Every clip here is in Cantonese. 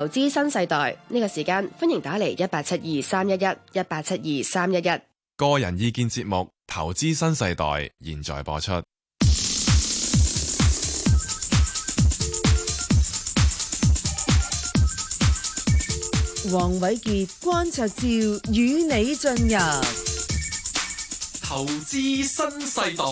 投資新世代呢個時間，歡迎打嚟一八七二三一一一八七二三一一。11，個人意見節目《投資新世代》現在播出。黃瑋傑、關焯照與你進入《投資新世代》。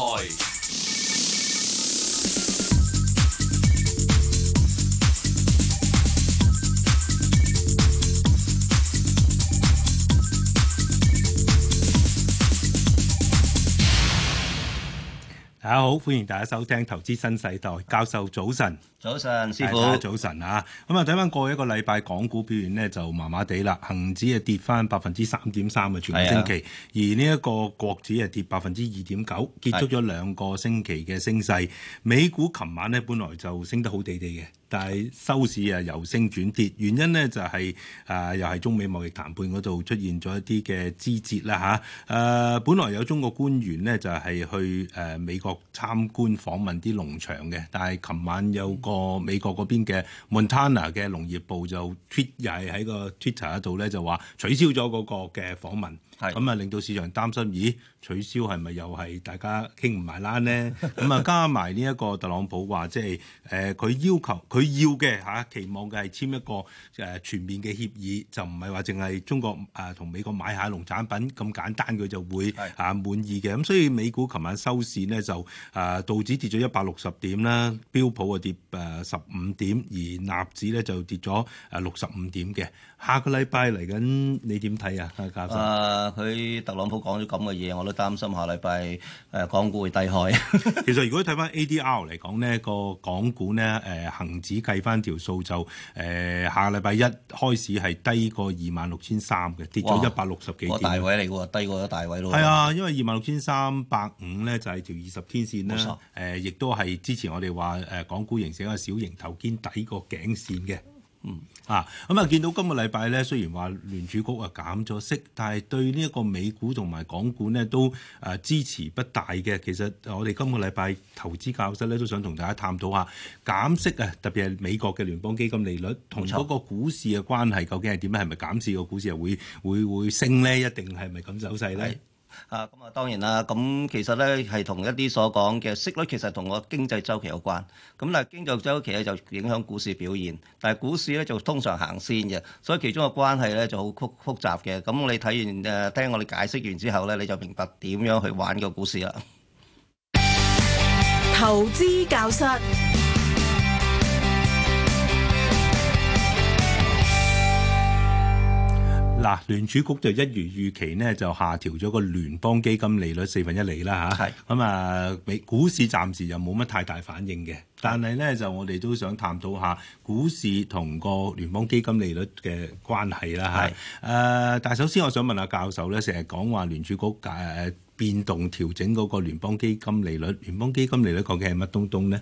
大家好，歡迎大家收聽投資新世代，教授早晨，早晨，早晨師傅，早晨啊！咁啊，睇翻過去一個禮拜，港股表現咧，就麻麻地啦，恒指啊跌翻百分之三點三啊，全星期，的而呢一個國指啊跌百分之二點九，結束咗兩個星期嘅升勢，的美股琴晚咧本來就升得好地地嘅。但係收市啊由升轉跌，原因咧就係、是、啊、呃、又係中美貿易談判嗰度出現咗一啲嘅枝節啦嚇。誒、啊呃、本來有中國官員咧就係、是、去誒、呃、美國參觀訪問啲農場嘅，但係琴晚有個美國嗰邊嘅 Montana 嘅農業部就 Twitter 喺個 Twitter 度咧就話取消咗嗰個嘅訪問，咁啊令到市場擔心咦？取消係咪又係大家傾唔埋欄咧？咁啊 加埋呢一個特朗普話，即係誒佢要求佢要嘅嚇、啊，期望嘅係簽一個誒、呃、全面嘅協議，就唔係話淨係中國啊同、呃、美國買下農產品咁簡單，佢就會嚇、啊、滿意嘅。咁所以美股琴晚收市呢，就啊、呃、道指跌咗一百六十點啦，標普啊跌誒十五點，而納指咧就跌咗誒六十五點嘅。下個禮拜嚟緊，你點睇啊？啊佢、呃、特朗普講咗咁嘅嘢，我都擔心下禮拜誒港股會低開。 其實如果睇翻 ADR 嚟講，呢個港股呢，誒、呃、恆指計翻條數就誒、呃、下禮拜一開始係低過二萬六千三嘅，跌咗一百六十幾點。那個、大位嚟，低過一大位咯。係 啊，因為二萬六千三百五呢就係、是、條二十天線啦。誒 60.、呃，亦都係之前我哋話誒港股形成一個小型頭肩底個頸線嘅。嗯。啊，咁啊，見到今個禮拜咧，雖然話聯儲局啊減咗息，但係對呢一個美股同埋港股咧都誒支持不大嘅。其實我哋今個禮拜投資教室咧都想同大家探討下減息啊，特別係美國嘅聯邦基金利率同嗰個股市嘅關係究竟係點咧？係咪減少個股市又會會會,會升咧？一定係咪咁走勢咧？啊，咁啊當然啦，咁其實咧係同一啲所講嘅息率，其實同個經濟週期有關。咁嗱，經濟週期咧就影響股市表現，但係股市咧就通常行先嘅，所以其中嘅關係咧就好複複雜嘅。咁你睇完誒，聽我哋解釋完之後咧，你就明白點樣去玩個股市啦。投資教室。嗱，聯儲局就一如預期呢就下調咗個聯邦基金利率四分一釐啦嚇。係咁是啊，美股市暫時又冇乜太大反應嘅，但係呢，就我哋都想探討下股市同個聯邦基金利率嘅關係啦嚇。係是、啊、但係首先我想問下教授呢，成日講話聯儲局誒變動調整嗰個聯邦基金利率，聯邦基金利率究竟係乜東東呢？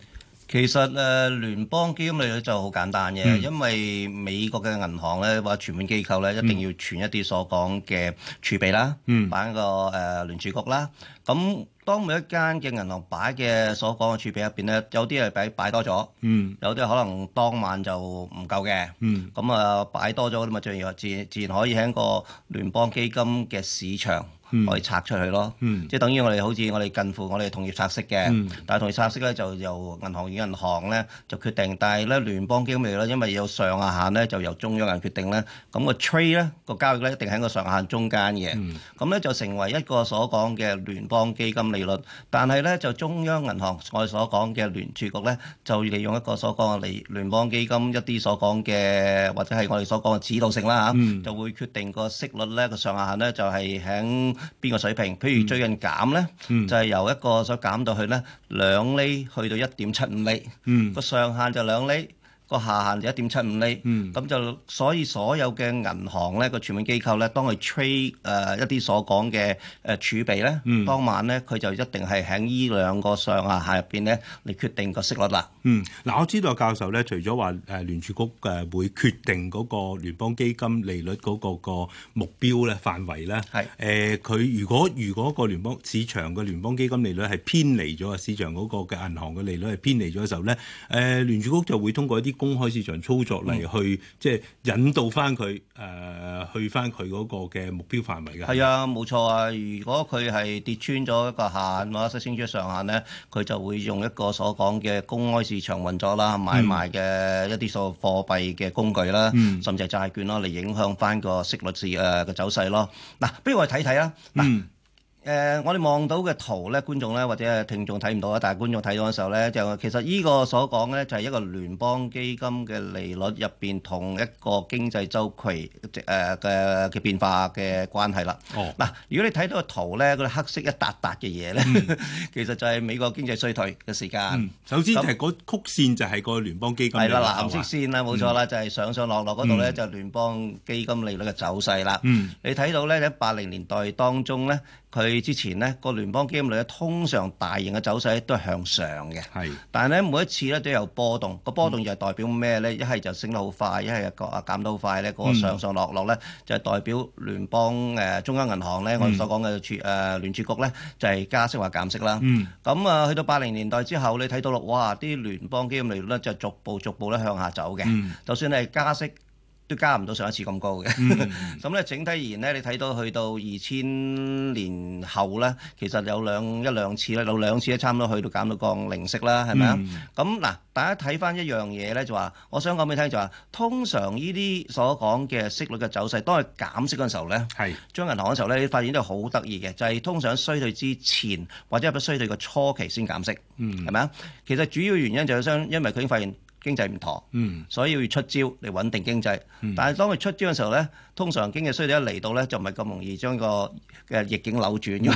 其實誒聯、呃、邦基金咧就好簡單嘅，嗯、因為美國嘅銀行咧或存款機構咧一定要存一啲所講嘅儲備啦，擺、嗯、個誒聯儲局啦。咁當每一間嘅銀行擺嘅所講嘅儲備入邊咧，有啲係擺擺多咗，嗯、有啲可能當晚就唔夠嘅。咁啊擺多咗咁啊，要自然自然可以喺個聯邦基金嘅市場，我哋拆出去咯，嗯、即係等於我哋好似我哋近乎我哋同業拆息嘅，嗯、但係同業拆息咧就由銀行與銀行咧就決定，但係咧聯邦基金咧因為有上下限咧就由中央人行決定咧，咁、個 trade 咧個交易咧一定喺個上下限中間嘅，咁咧、嗯、就成為一個所講嘅聯邦基金利率，但係咧就中央銀行我哋所講嘅聯儲局咧就利用一個所講嘅聯聯邦基金一啲所講嘅或者係我哋所講嘅指導性啦嚇，啊嗯、就會決定個息率咧個上下限咧就係喺邊個水平？譬如最近減咧，嗯、就係由一個所減到去咧兩厘，去到一點七五厘。個上限就兩厘。個下限就一點七五厘，咁就所以所有嘅銀行咧個全面機構咧，當佢 trade 誒一啲所講嘅誒儲備咧，當晚咧佢就一定係喺呢兩個上下下入邊咧嚟決定個息率啦。嗯，嗱我知道教授咧，除咗話誒聯儲局誒會決定嗰個聯邦基金利率嗰個個目標咧範圍咧，係誒佢如果如果個聯邦市場嘅聯邦基金利率係偏離咗啊市場嗰個嘅銀行嘅利率係偏離咗嘅時候咧，誒聯儲局就會通過一啲。公開市場操作嚟去，即係引導翻佢誒去翻佢嗰個嘅目標範圍嘅。係啊，冇錯啊。如果佢係跌穿咗一個限或者升咗上限咧，佢就會用一個所講嘅公開市場運作啦，買賣嘅一啲數貨幣嘅工具啦，嗯、甚至係債券啦嚟影響翻個息率市誒嘅走勢咯。嗱、啊，不如我哋睇睇啦。嗱、嗯。誒，我哋望到嘅圖咧，觀眾咧或者係聽眾睇唔到啊，但係觀眾睇到嘅時候咧，就其實依個所講咧，就係一個聯邦基金嘅利率入邊同一個經濟週期誒嘅嘅變化嘅關係啦。哦，嗱，如果你睇到個圖咧，嗰啲黑色一笪笪嘅嘢咧，其實就係美國經濟衰退嘅時間。首先就係嗰曲線就係個聯邦基金係啦，藍色線啦，冇錯啦，就係上上落落嗰度咧，就係聯邦基金利率嘅走勢啦。嗯，你睇到咧喺八零年代當中咧，佢之前呢個聯邦基金利率咧，通常大型嘅走勢都係向上嘅，是但係咧，每一次咧都有波動，個波動就係代表咩咧？一係就升得好快，一係個減得好快咧。嗯、個上上落落咧就係代表聯邦誒中央銀行咧，嗯、我哋所講嘅聯誒聯儲局咧就係加息或減息啦。咁啊、嗯，去到八零年代之後，你睇到咯，哇！啲聯邦基金利率咧就係、逐步逐步咧向下走嘅，嗯、就算係加息。都加唔到上一次咁高嘅，咁咧整體而言咧，你睇到去到二千年後咧，其實有兩一兩次咧，有兩次咧，差唔多去到減到降零息啦，係咪啊？咁，嗱，大家睇返一樣嘢咧，就話，我想講俾你聽就話，通常呢啲所講嘅息率嘅走勢，當佢減息嗰陣時候咧，將銀行嗰陣時候咧，你發現都係好得意嘅，就係通常喺衰退之前或者喺衰退嘅初期先減息，係咪啊？其實主要原因就係因因為佢已經發現。經濟唔妥，嗯、所以要出招嚟穩定經濟。但係當佢出招嘅時候咧。通常經濟衰退一嚟到咧，就唔係咁容易將個嘅逆境扭轉，要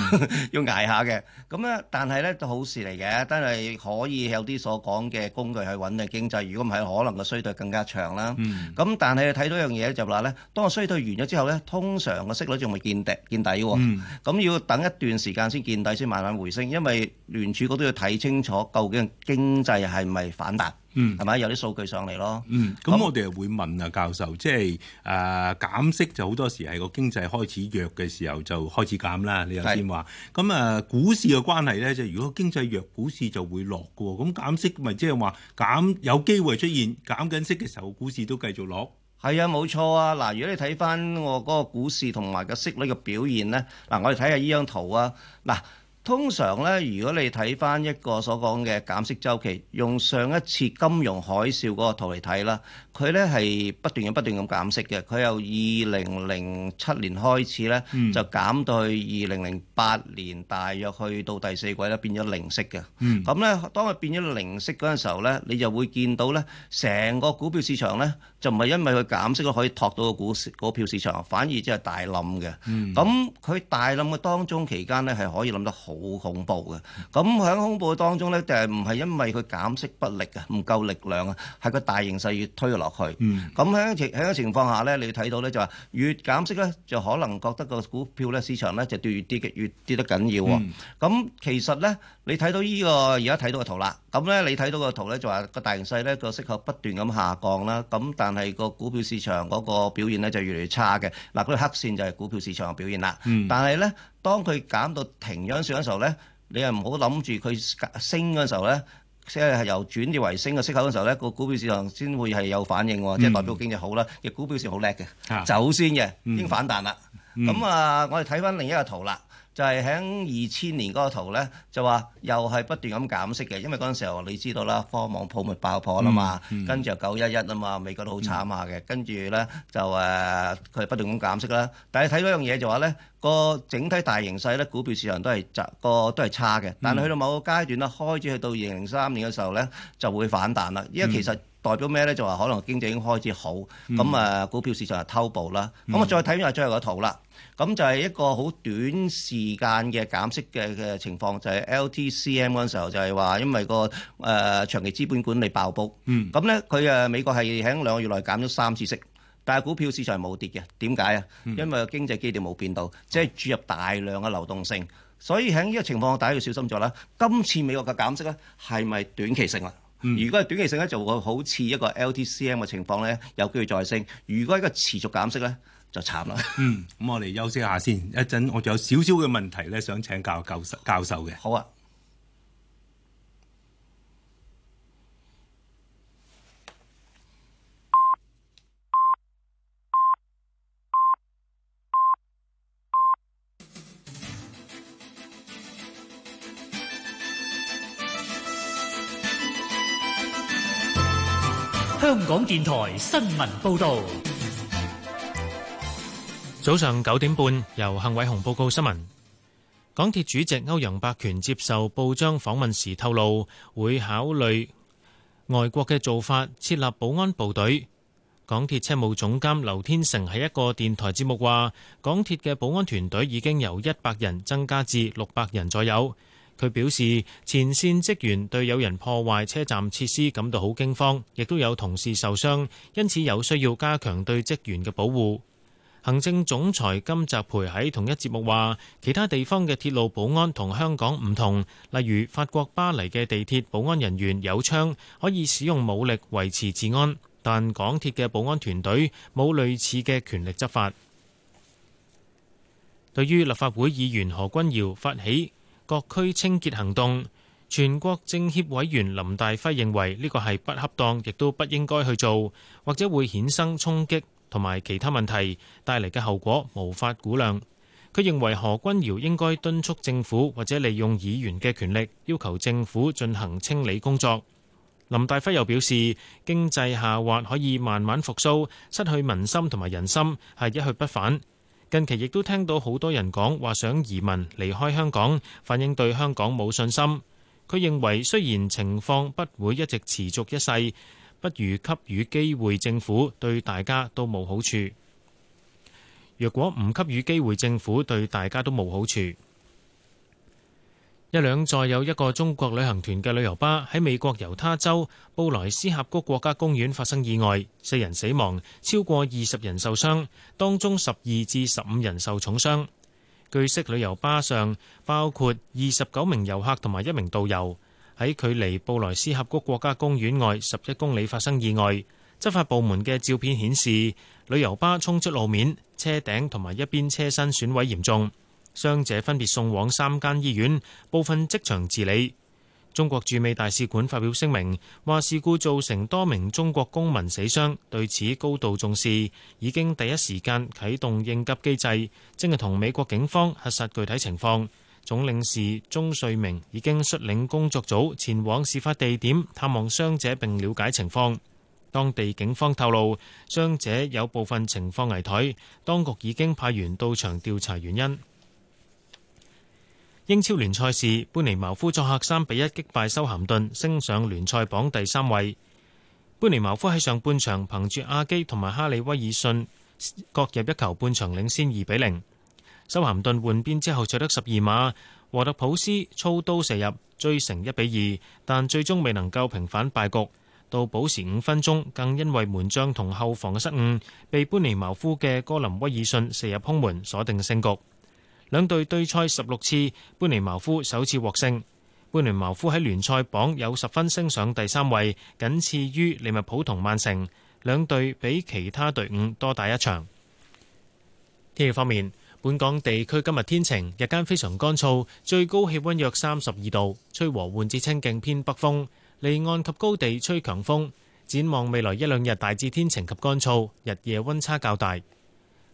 要捱下嘅。咁咧，但係咧都好事嚟嘅，但係可以有啲所講嘅工具去穩嘅經濟。如果唔係，可能個衰退更加長啦。咁但係睇到一樣嘢就話咧，當個衰退完咗之後咧，通常個息率仲未見底，見底嘅喎。咁要等一段時間先見底，先慢慢回升。因為聯儲局都要睇清楚究竟經濟係咪反彈，係咪有啲數據上嚟咯？咁我哋會問啊教授，即係誒減息就好多時係個經濟開始弱嘅時候就開始減啦。你頭先話，咁啊是股市嘅關係呢，就如果經濟弱，股市就會落嘅。咁減息咪即係話減有機會出現減緊息嘅時候，股市都繼續落。係啊，冇錯啊。嗱，如果你睇翻我嗰個股市同埋個息率嘅表現呢，嗱，我哋睇下呢張圖啊，嗱。通常咧，如果你睇翻一個所講嘅減息週期，用上一次金融海嘯嗰個圖嚟睇啦，佢咧係不斷咁不斷咁減息嘅。佢由二零零七年開始咧，嗯、就減到去二零零八年，大約去到第四季咧變咗零息嘅。咁咧、嗯，當佢變咗零息嗰陣時候咧，你就會見到咧，成個股票市場咧。就唔係因為佢減息咧可以托到個股市，股票市場，反而即係大冧嘅。咁佢、嗯、大冧嘅當中期間咧係可以諗得好恐怖嘅。咁喺恐怖當中呢，就係唔係因為佢減息不力啊，唔夠力量啊，係個大形勢越推落去。咁喺、嗯、情喺嗰情況下呢，你睇到呢，就話、是、越減息呢，就可能覺得個股票咧市場呢就跌越跌越跌，越跌得緊要喎。咁、嗯、其實呢。你睇到依個而家睇到個圖啦，咁咧你睇到個圖咧就話個大形勢咧個息口不斷咁下降啦，咁但係個股票市場嗰個表現咧就越嚟越差嘅。嗱，嗰條黑線就係股票市場嘅表現啦。嗯。但係咧，當佢減到停咗嗰陣時候咧，你又唔好諗住佢升嗰陣時候咧，即係由轉跌為升嘅息口嗰陣時候咧，個股票市場先會係有反應喎，即係代表經濟好啦，嘅股票市好叻嘅走先嘅，已經反彈啦。咁啊，我哋睇翻另一個圖啦。就係喺二千年嗰個圖咧，就話又係不斷咁減息嘅，因為嗰陣時候你知道啦，科網泡沫爆破啦嘛，跟住、嗯嗯、又九一一啊嘛，美國都好慘下嘅，跟住咧就誒佢、呃、不斷咁減息啦。但係睇到樣嘢就話咧，個整體大形勢咧，股票市場都係集個都係差嘅。嗯、但係去到某個階段咧，開始去到二零零三年嘅時候咧，就會反彈啦。因為其實、嗯。代表咩呢？就話可能經濟已經開始好，咁啊股票市場係偷步啦。咁我再睇下最後嗰圖啦。咁就係一個好短時間嘅減息嘅嘅情況，就係 LTCM 嗰時候就係話因為個誒長期資本管理爆煲。嗯。咁呢佢誒美國係喺兩個月內減咗三次息，但係股票市場係冇跌嘅。點解啊？因為經濟基調冇變到，即係注入大量嘅流動性。所以喺呢個情況下，大家要小心咗啦。今次美國嘅減息呢，係咪短期性啊？嗯，如果係短期性咧，就會好似一個 LTCM 嘅情況咧，有機會再升；如果係一個持續減息咧，就慘啦。嗯，咁我哋休息下先，一陣我仲有少少嘅問題咧，想請教教教授嘅。好啊。香港電台新聞報道，早上九點半，由幸偉雄報告新聞。港鐵主席歐陽伯權接受報章訪問時透露，會考慮外國嘅做法，設立保安部隊。港鐵車務總監劉天成喺一個電台節目話，港鐵嘅保安團隊已經由一百人增加至六百人左右。佢表示，前線職員對有人破壞車站設施感到好驚慌，亦都有同事受傷，因此有需要加強對職員嘅保護。行政總裁金澤培喺同一節目話，其他地方嘅鐵路保安同香港唔同，例如法國巴黎嘅地鐵保安人員有槍，可以使用武力維持治安，但港鐵嘅保安團隊冇類似嘅權力執法。對於立法會議員何君堯發起各區清潔行動，全國政協委員林大輝認為呢個係不恰當，亦都不應該去做，或者會衍生衝擊同埋其他問題，帶嚟嘅後果無法估量。佢認為何君堯應該敦促政府或者利用議員嘅權力，要求政府進行清理工作。林大輝又表示，經濟下滑可以慢慢復蘇，失去民心同埋人心係一去不返。近期亦都聽到好多人講話想移民離開香港，反映對香港冇信心。佢認為雖然情況不會一直持續一世，不如給予機會政府，對大家都冇好處。若果唔給予機會政府，對大家都冇好處。一輛載有一個中國旅行團嘅旅遊巴喺美國猶他州布萊斯峽谷國家公園發生意外，四人死亡，超過二十人受傷，當中十二至十五人受重傷。據悉，旅遊巴上包括二十九名遊客同埋一名導遊。喺距離布萊斯峽谷國家公園外十一公里發生意外。執法部門嘅照片顯示，旅遊巴衝出路面，車頂同埋一邊車身損毀嚴重。傷者分別送往三間醫院，部分即場治理。中國駐美大使館發表聲明，話事故造成多名中國公民死傷，對此高度重視，已經第一時間啟動應急機制，正係同美國警方核實具體情況。總領事鍾瑞明已經率領工作組前往事發地點探望傷者，並了解情況。當地警方透露，傷者有部分情況危殆，當局已經派員到場調查原因。英超聯賽時，本尼茅夫作客三比一擊敗修咸頓，升上聯賽榜第三位。本尼茅夫喺上半場憑住阿基同埋哈里威爾遜各入一球，半場領先二比零。修咸頓換邊之後取得十二碼，沃特普斯操刀射入追成一比二，但最終未能夠平反敗局。到補時五分鐘，更因為門將同後防嘅失誤，被本尼茅夫嘅哥林威爾遜射入空門，鎖定勝局。兩隊對賽十六次，般尼茅夫首次獲勝。般尼茅夫喺聯賽榜有十分，升上第三位，僅次於利物浦同曼城。兩隊比其他隊伍多打一場。天氣方面，本港地區今日天，天晴，日間非常乾燥，最高氣溫約三十二度，吹和緩至清勁偏北風，離岸及高地吹強風。展望未來一兩日，大致天晴及乾燥，日夜溫差較大。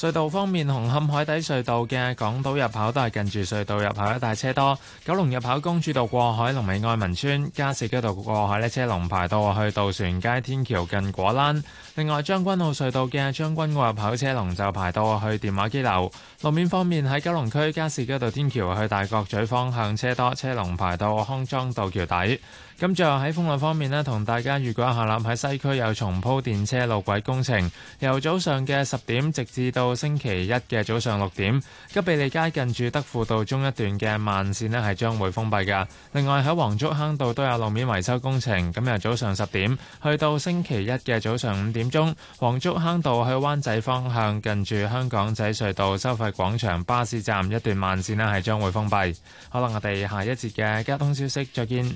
隧道方面，紅磡海底隧道嘅港島入口都係近住隧道入口，一帶車多。九龍入口公主道過海，龍尾愛民村、加士居道過海呢，車龍排到去渡船街天橋近果欄。另外，將軍澳隧道嘅將軍澳入口車龍就排到去電話機樓。路面方面，喺九龍區加士居道天橋去大角咀方向車多，車龍排到康莊道橋底。咁最後喺風浪方面咧，同大家預告一下，啦，喺西區有重鋪電車路軌工程，由早上嘅十點直至到星期一嘅早上六點，吉庇利街近住德輔道中一段嘅慢線咧係將會封閉嘅。另外喺黃竹坑道都有路面維修工程，今日早上十點去到星期一嘅早上五點鐘，黃竹坑道去灣仔方向近住香港仔隧道收費廣場巴士站一段慢線咧係將會封閉。好啦，我哋下一節嘅交通消息再見。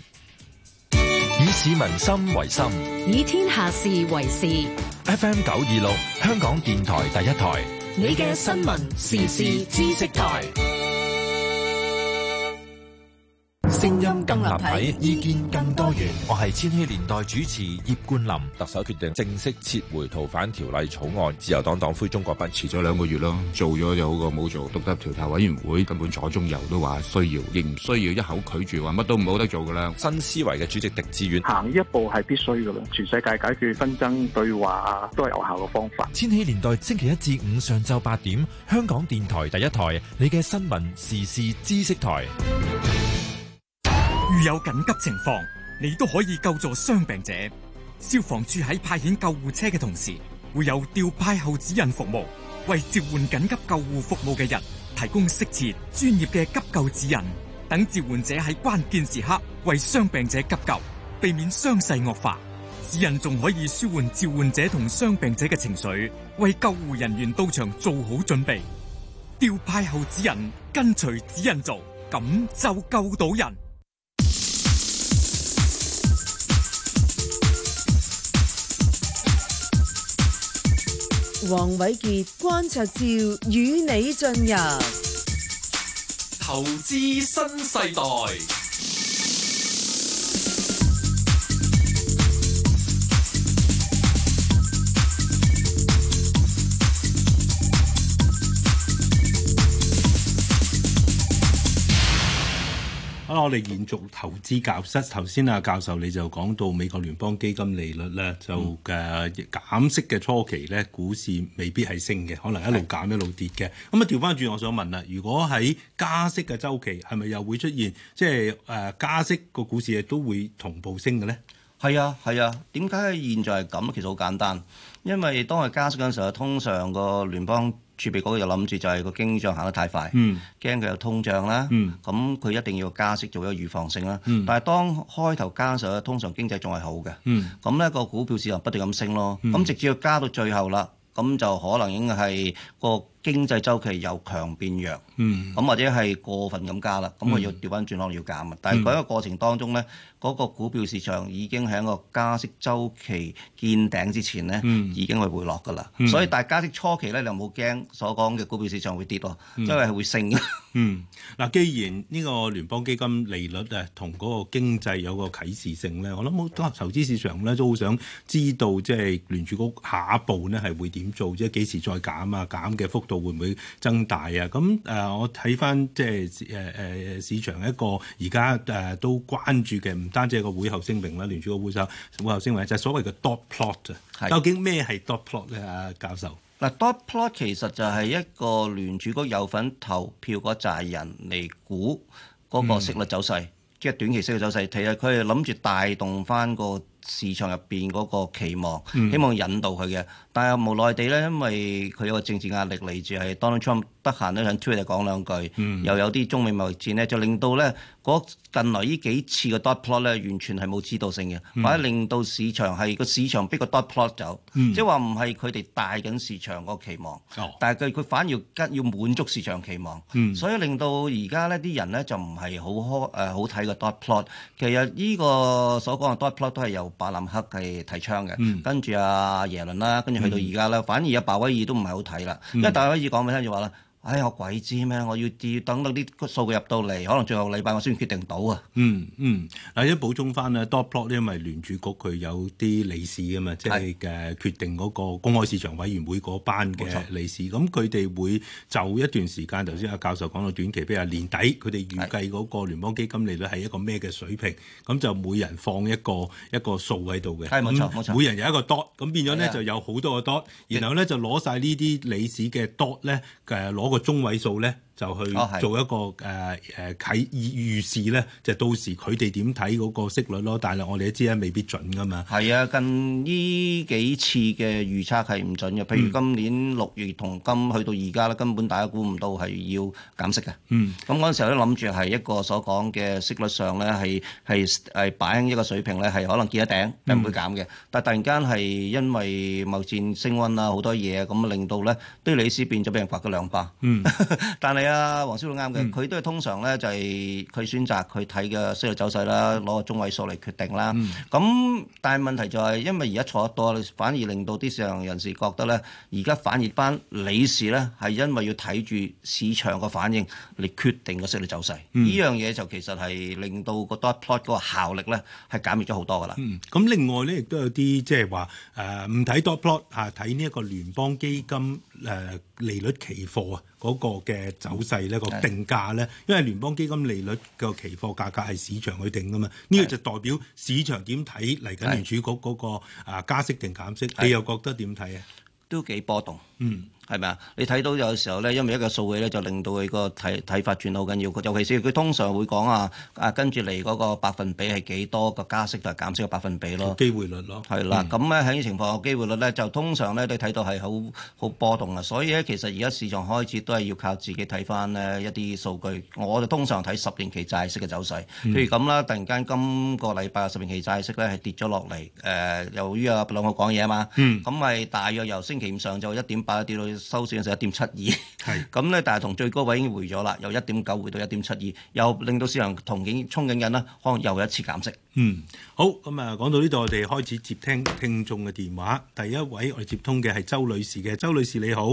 以民心為心，以天下事為事。FM 九二六，香港電台第一台，你嘅新聞時事知識台。聲音更立體，意見更多元。我係千禧年代主持葉冠霖。特首決定正式撤回逃犯條例草案，自由黨黨魁鍾國斌，遲咗兩個月咯，做咗就好過冇做。獨立調查委員會根本左中右都話需要，亦唔需要，一口拒絕話乜都唔冇得做噶啦。新思維嘅主席狄志遠，行一步係必須噶啦。全世界解決紛爭，對話都係有效嘅方法。千禧年代星期一至五上晝八點，香港電台第一台，你嘅新聞時事知識台。遇有緊急情況，你都可以救助傷病者。消防處喺派遣救護車嘅同時，會有調派後指引服務，為召喚緊急救護服務嘅人提供適切、專業嘅急救指引，等召喚者喺關鍵時刻為傷病者急救，避免傷勢惡化。指引仲可以舒緩召喚者同傷病者嘅情緒，為救護人員到場做好準備。調派後指引跟隨指引做，咁就救到人。黃瑋傑、關焯照，與你進入投資新世代。啊！我哋延續投資教室，頭先啊教授，你就講到美國聯邦基金利率咧，就嘅減息嘅初期咧，股市未必係升嘅，可能一路減一路跌嘅。咁啊調翻轉，我想問啦，如果喺加息嘅週期，係咪又會出現即係誒加息個股市亦都會同步升嘅咧？係啊係啊，點解現在係咁咧？其實好簡單，因為當係加息嘅時候，通常個聯邦儲備嗰個又諗住就係個經濟行得太快，驚佢、嗯、有通脹啦。咁佢、嗯、一定要加息做一個預防性啦。嗯、但係當開頭加息嘅，通常經濟仲係好嘅。咁咧、嗯、個股票市場不斷咁升咯。咁、嗯、直至要加到最後啦，咁就可能已經係個，經濟周期由強變弱，咁、嗯、或者係過分咁加啦，咁我要調翻轉落要減啊！嗯、但係嗰個過程當中咧，嗰、那個股票市場已經喺個加息周期見頂之前咧，嗯、已經係回落㗎啦。嗯、所以大加息初期咧，你又冇驚所講嘅股票市場會跌喎，嗯、因為係會升嘅。嗯，嗱，既然呢個聯邦基金利率咧同嗰個經濟有個啟示性咧，我諗好多投資市場咧都好想知道，即係聯儲局下一步咧係會點做，即係幾時再減啊？減嘅幅度，會唔會增大啊？咁誒、呃，我睇翻即係誒誒市場一個而家誒都關注嘅，唔單止係個會後聲明啦，聯儲局會首會後聲明，就係、是、所謂嘅 dot plot, 的 dot plot 啊。究竟咩係 dot plot 咧？阿教授嗱，dot plot 其實就係一個聯儲局有份投票嗰扎人嚟估嗰個息率走勢，嗯、即係短期息率走勢。其實佢係諗住帶動翻、嗰個。市場入邊嗰個期望，希望引導佢嘅，嗯、但係無奈地呢，因為佢有個政治壓力嚟自係 Donald Trump 得閒呢，想出嚟講兩句，嗯、又有啲中美貿易戰呢，就令到呢近來呢幾次嘅 dot plot 呢，完全係冇指導性嘅，嗯、或者令到市場係個市場逼、個 dot plot 走，嗯、即係話唔係佢哋帶緊市場個期望，哦、但係佢佢反而要，要滿足市場期望，嗯、所以令到而家呢啲人呢，人就唔係好開誒好睇個 dot plot。其實呢個所講嘅 dot plot 都係由巴林克係提倡嘅，跟住阿耶倫啦，跟住去到而家啦，嗯、反而阿鮑威爾都唔係好睇啦，嗯、因為鮑威爾講畀聽就話啦。哎呀，我鬼知咩？我要要等到啲數據入到嚟，可能最後禮拜我先決定到啊。嗯嗯，嗱、嗯，一補充翻啊，dot plot 因為聯儲局佢有啲理事啊嘛，是即係嘅決定嗰個公開市場委員會嗰班嘅理事，咁佢哋會就一段時間，頭先阿教授講到短期，譬如話年底，佢哋預計嗰個聯邦基金利率係一個咩嘅水平，咁是就每人放一個一個數喺度嘅。係，冇錯冇錯。嗯、錯每人有一個 dot，咁變咗咧的就有好多個 dot，然後咧的的就攞晒呢啲理事嘅 dot 咧誒攞。個中位數咧。就去做一個誒誒啓預示咧，就到時佢哋點睇嗰個息率咯。但係我哋都知咧，未必準㗎嘛。係啊，近呢幾次嘅預測係唔準嘅。譬如今年六月同今去到而家咧，根本大家估唔到係要減息嘅。嗯。咁嗰陣時候咧，都諗住係一個所講嘅息率上咧，係係係擺喺一個水平咧，係可能見一頂，唔會減嘅。但係突然間係因為貿戰升溫啊，好多嘢啊，咁令到咧啲利是變咗俾人罰咗兩百。嗯。但係。係啊，黃師傅啱嘅，佢都係通常咧就係佢選擇佢睇嘅息率走勢啦，攞個中位數嚟決定啦。咁、嗯、但係問題就係，因為而家坐得多，反而令到啲市場人士覺得咧，而家反而班理事咧係因為要睇住市場嘅反應嚟決定個息率走勢。呢、嗯、樣嘢就其實係令到個 dot plot 個效力咧係減弱咗好多噶啦。咁、嗯、另外咧亦都有啲即係話誒唔、呃、睇 dot plot 睇呢一個聯邦基金誒、呃、利率期貨啊。嗰個嘅走勢呢、呢個定價呢，因為聯邦基金利率嘅期貨價格係市場去定噶嘛，呢是的 個就代表市場點睇嚟緊聯儲局嗰個啊加息定減息，是的 你又覺得點睇啊？都幾波動，嗯。係咪啊？你睇到有時候咧，因為一個數據咧，就令到佢個睇睇法轉好緊要。尤其是佢通常會講啊，啊跟住嚟嗰個百分比係幾多個加息同埋減息嘅百分比咯。機會率咯。係啦，咁咧喺呢情況下機會率咧就通常咧你睇到係好好波動啊。所以咧，其實而家市場開始都係要靠自己睇翻咧一啲數據。我哋通常睇十年期債息嘅走勢，譬如咁啦，突然間今個禮拜十年期債息咧係跌咗落嚟。誒，由於兩個講嘢啊嘛，咁咪大約由星期五上晝一點八跌到。收市嘅時候一點七二，咁咧，但係同最高位已經回咗啦，由一點九回到一點七二，又令到市場同景憧憬緊啦，可能又一次減息。嗯，好，咁啊，講到呢度，我哋開始接聽聽眾嘅電話。第一位我哋接通嘅係周女士嘅，周女士你好，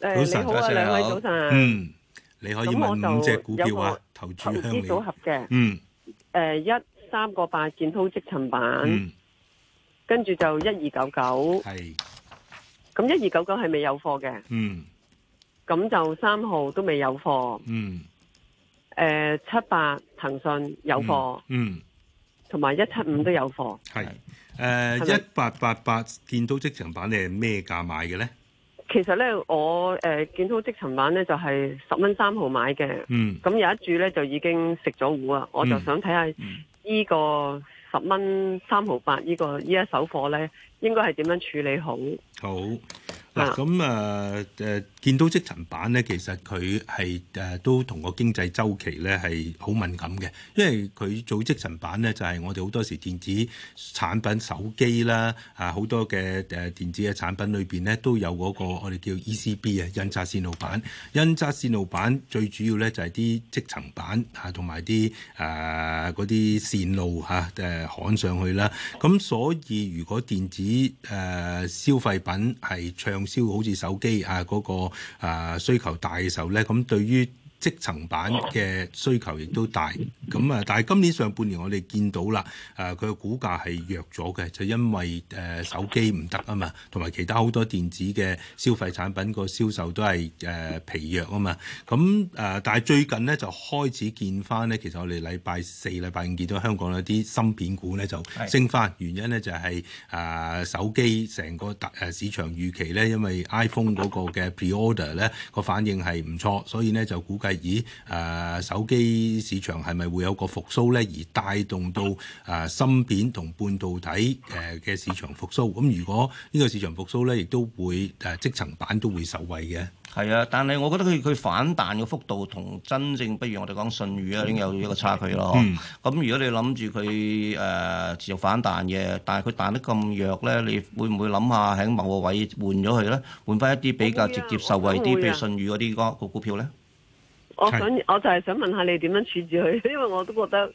早晨，兩位早晨。嗯，你可以問五隻股票啊，投住香嚟，唔組合嘅，嗯，誒，一三個八件通積陳版，跟住就一二九九，係。咁一二九九係未有貨嘅？嗯，咁就三號都未有貨，嗯，誒七八騰訊有貨，嗯，同埋一七五都有貨，係，嗯，誒一八八八見到即場版你係咩價買嘅咧？其實咧，我誒、呃、見到即場版咧就係十蚊三號買嘅，嗯，咁有一注咧就已經食咗糊啊，嗯，我就想睇下依個。十蚊三毫八呢、呢個呢，一手貨呢，應該係點樣處理好？好。嗱，咁誒誒，見到積層板咧，其實佢係誒都同個經濟周期咧係好敏感嘅，因為佢做積層板咧就係我哋好多時電子產品手、手機啦啊好多嘅誒電子嘅產品裏邊咧都有個我哋叫 ECB 啊，印刷線路板，印刷線路板最主要咧就係啲積層板啊同埋啲誒啲線路吓誒焊上去啦，咁所以如果電子誒、啊、消費品係暢銷好似手機啊，嗰個誒需求大嘅時候咧，咁對於，積層板嘅需求亦都大，咁啊，但係今年上半年我哋見到啦，誒、呃，佢嘅股價係弱咗嘅，就因為誒、呃、手機唔得啊嘛，同埋其他好多電子嘅消費產品個銷售都係誒疲弱啊嘛，咁誒，但係最近呢，就開始見翻呢。其實我哋禮拜四、禮拜五見到香港有啲芯片股咧就升翻，是原因呢，就係、是、誒、呃、手機成個誒市場預期呢，因為 iPhone 嗰個嘅 Pre-order 咧、那個反應係唔錯，所以呢，就估計。以誒、啊、手機市場係咪會有個復甦咧？而帶動到誒、啊、芯片同半導體誒嘅、啊、市場復甦咁、啊。如果呢個市場復甦咧，亦都會誒積、啊、層板都會受惠嘅。係啊，但係我覺得佢佢反彈嘅幅度同真正，不如我哋講舜宇啊，已經有一個差距咯。咁、嗯嗯、如果你諗住佢誒持續反彈嘅，但係佢彈得咁弱咧，你會唔會諗下喺某個位換咗佢咧？換翻一啲比較直接受惠啲，譬、啊、如舜宇嗰啲個股票咧？我想，我就係想問下你點樣處置佢，因為我都覺得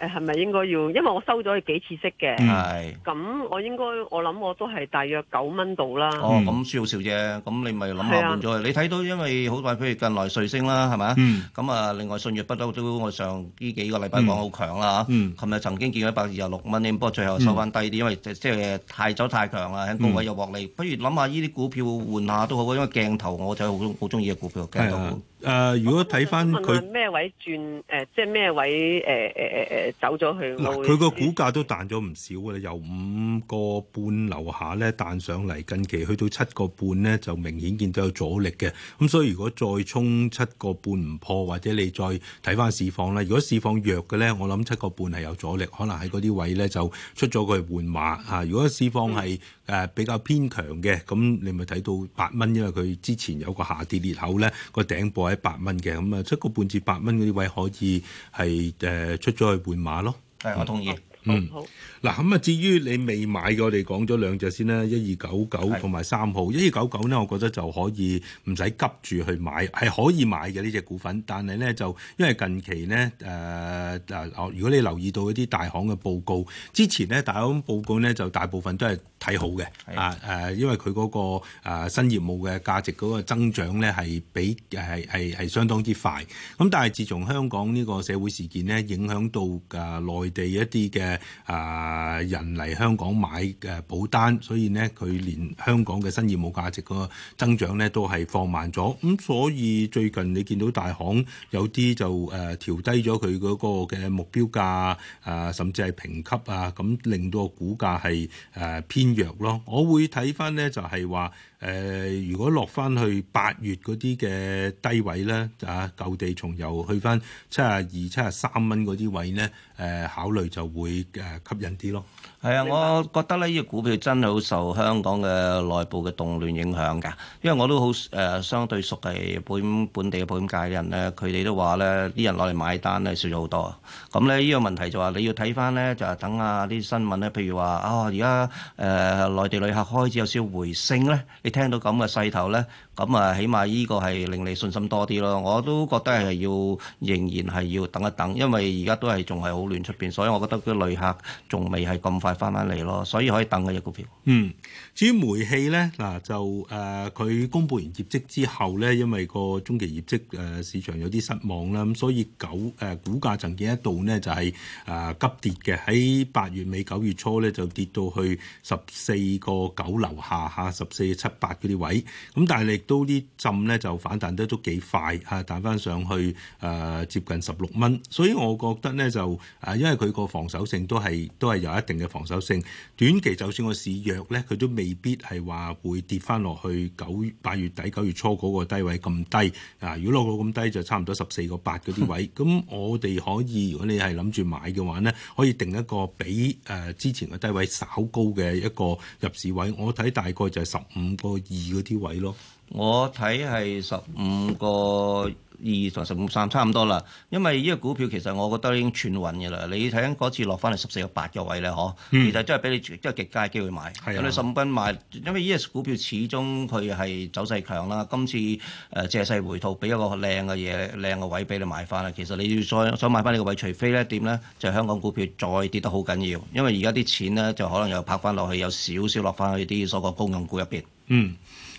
誒係咪應該要，因為我收咗佢幾次息嘅。係。咁我應該，我諗我都係大約九蚊度啦。哦，咁輸好少啫，咁你咪諗下換咗佢。你睇到因為好快，譬如近來瑞星啦，係咪？嗯。咁啊，另外信越不嬲都我上呢幾個禮拜講好強啦嚇。嗯。琴日曾經見到一百二十六蚊，呢不過最後收翻低啲，因為即係太走太強啦，喺高位又獲利，不如諗下呢啲股票換下都好，因為鏡頭我就好中好中意嘅股票，鏡頭股。誒，如果睇翻佢咩位轉誒，即係咩位誒誒誒誒走咗去佢個股價都彈咗唔少嘅，由五個半樓下咧彈上嚟，近期去到七個半咧就明顯見到有阻力嘅。咁所以如果再衝七個半唔破，或者你再睇翻市況咧，如果市況弱嘅咧，我諗七個半係有阻力，可能喺嗰啲位咧就出咗佢換馬嚇。如果市況係誒比較偏強嘅，咁你咪睇到八蚊，因為佢之前有個下跌裂口咧個頂部。八蚊嘅咁啊，七個半至八蚊嗰啲位可以係誒出咗去換馬咯。係，我同意。嗯，好。嗱咁啊，至於你未買嘅，我哋講咗兩隻先啦，一二九九同埋三號。一二九九呢，我覺得就可以唔使急住去買，係可以買嘅呢隻股份。但係呢，就因為近期呢，誒、呃、嗱，如果你留意到一啲大行嘅報告，之前呢，大行報告呢，就大部分都係睇好嘅。係啊，誒，因為佢嗰個新業務嘅價值嗰個增長呢，係比誒係係相當之快。咁但係自從香港呢個社會事件呢，影響到誒內地一啲嘅。誒、呃、人嚟香港買嘅保單，所以呢，佢連香港嘅新業務價值個增長呢都係放慢咗，咁、嗯、所以最近你見到大行有啲就誒、呃、調低咗佢嗰個嘅目標價啊、呃，甚至係評級啊，咁令到個股價係誒、呃、偏弱咯。我會睇翻呢，就係、是、話。誒、呃，如果落翻去八月嗰啲嘅低位咧，就啊，舊地重遊去翻七十二、七十三蚊嗰啲位咧，誒、呃，考慮就會誒、呃、吸引啲咯。係啊，我覺得呢，呢個股票真係好受香港嘅內部嘅動亂影響㗎。因為我都好誒，相對熟係本本地嘅保險界嘅人咧，佢哋都話咧，啲人落嚟買單咧少咗好多。咁咧，呢個問題就話你要睇翻咧，就係等啊啲新聞咧，譬如話啊，而家誒內地旅客開始有少少回升咧，你聽到咁嘅勢頭咧。咁啊，起碼呢個係令你信心多啲咯。我都覺得係要仍然係要等一等，因為而家都係仲係好亂出面，所以我覺得啲旅客仲未係咁快翻翻嚟咯。所以可以等佢一個票。嗯，至於煤氣呢，嗱就誒佢、呃、公布完業績之後呢，因為個中期業績誒、呃、市場有啲失望啦，咁所以九誒、呃、股價曾經一度呢就係、是、誒、呃、急跌嘅，喺八月尾九月初呢，就跌到去十四個九樓下下十四七八嗰啲位，咁但係你。都呢浸呢，就反彈得都幾快嚇，彈翻上去誒、呃、接近十六蚊，所以我覺得呢，就誒，因為佢個防守性都係都係有一定嘅防守性，短期就算個市弱呢，佢都未必係話會跌翻落去九、八月底九月初嗰個低位咁低啊、呃！如果攞個咁低就差唔多十四個八嗰啲位，咁、嗯、我哋可以如果你係諗住買嘅話呢，可以定一個比誒之前嘅低位稍高嘅一個入市位，我睇大概就係十五個二嗰啲位咯。我睇係十五個二同十五三差唔多啦，因為呢個股票其實我覺得已經全穩嘅啦。你睇緊嗰次落翻係十四個八嘅位咧，嗬、嗯，其實真係俾你真係、即係、極佳嘅機會買。有、啊、你十五蚊買，因為 ES 股票始終佢係走勢強啦。今次誒、呃、借勢回吐，俾一個靚嘅嘢、靚嘅位俾你買翻啦。其實你要再想買翻呢個位，除非咧點咧，就係、香港股票再跌得好緊要，因為而家啲錢咧就可能又拍翻落去，有少少落翻去啲所謂公用股入邊。嗯。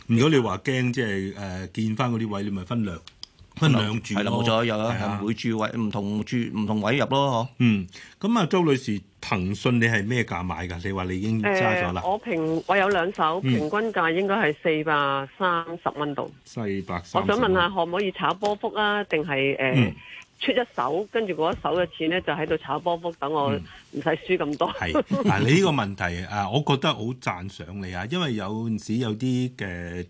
如果你話驚，即係誒見翻嗰啲位，你咪分兩分兩住咯。係啦，冇錯，有啊，會住位，唔同住唔同，同位入咯，嗬。嗯，咁啊，周女士，騰訊你係咩價買㗎？你話你已經揸咗啦。我平我有兩手，平均價應該係四百三十蚊度。四百三十。我想問下，嗯，可唔可以炒波幅啊？定係誒？呃嗯出一手，跟住嗰一手嘅錢咧就喺度炒波幅，等我唔使輸咁多。係、 嗯，嗱、啊、你呢個問題啊，我覺得好讚賞你啊，因為有時有啲嘅。呃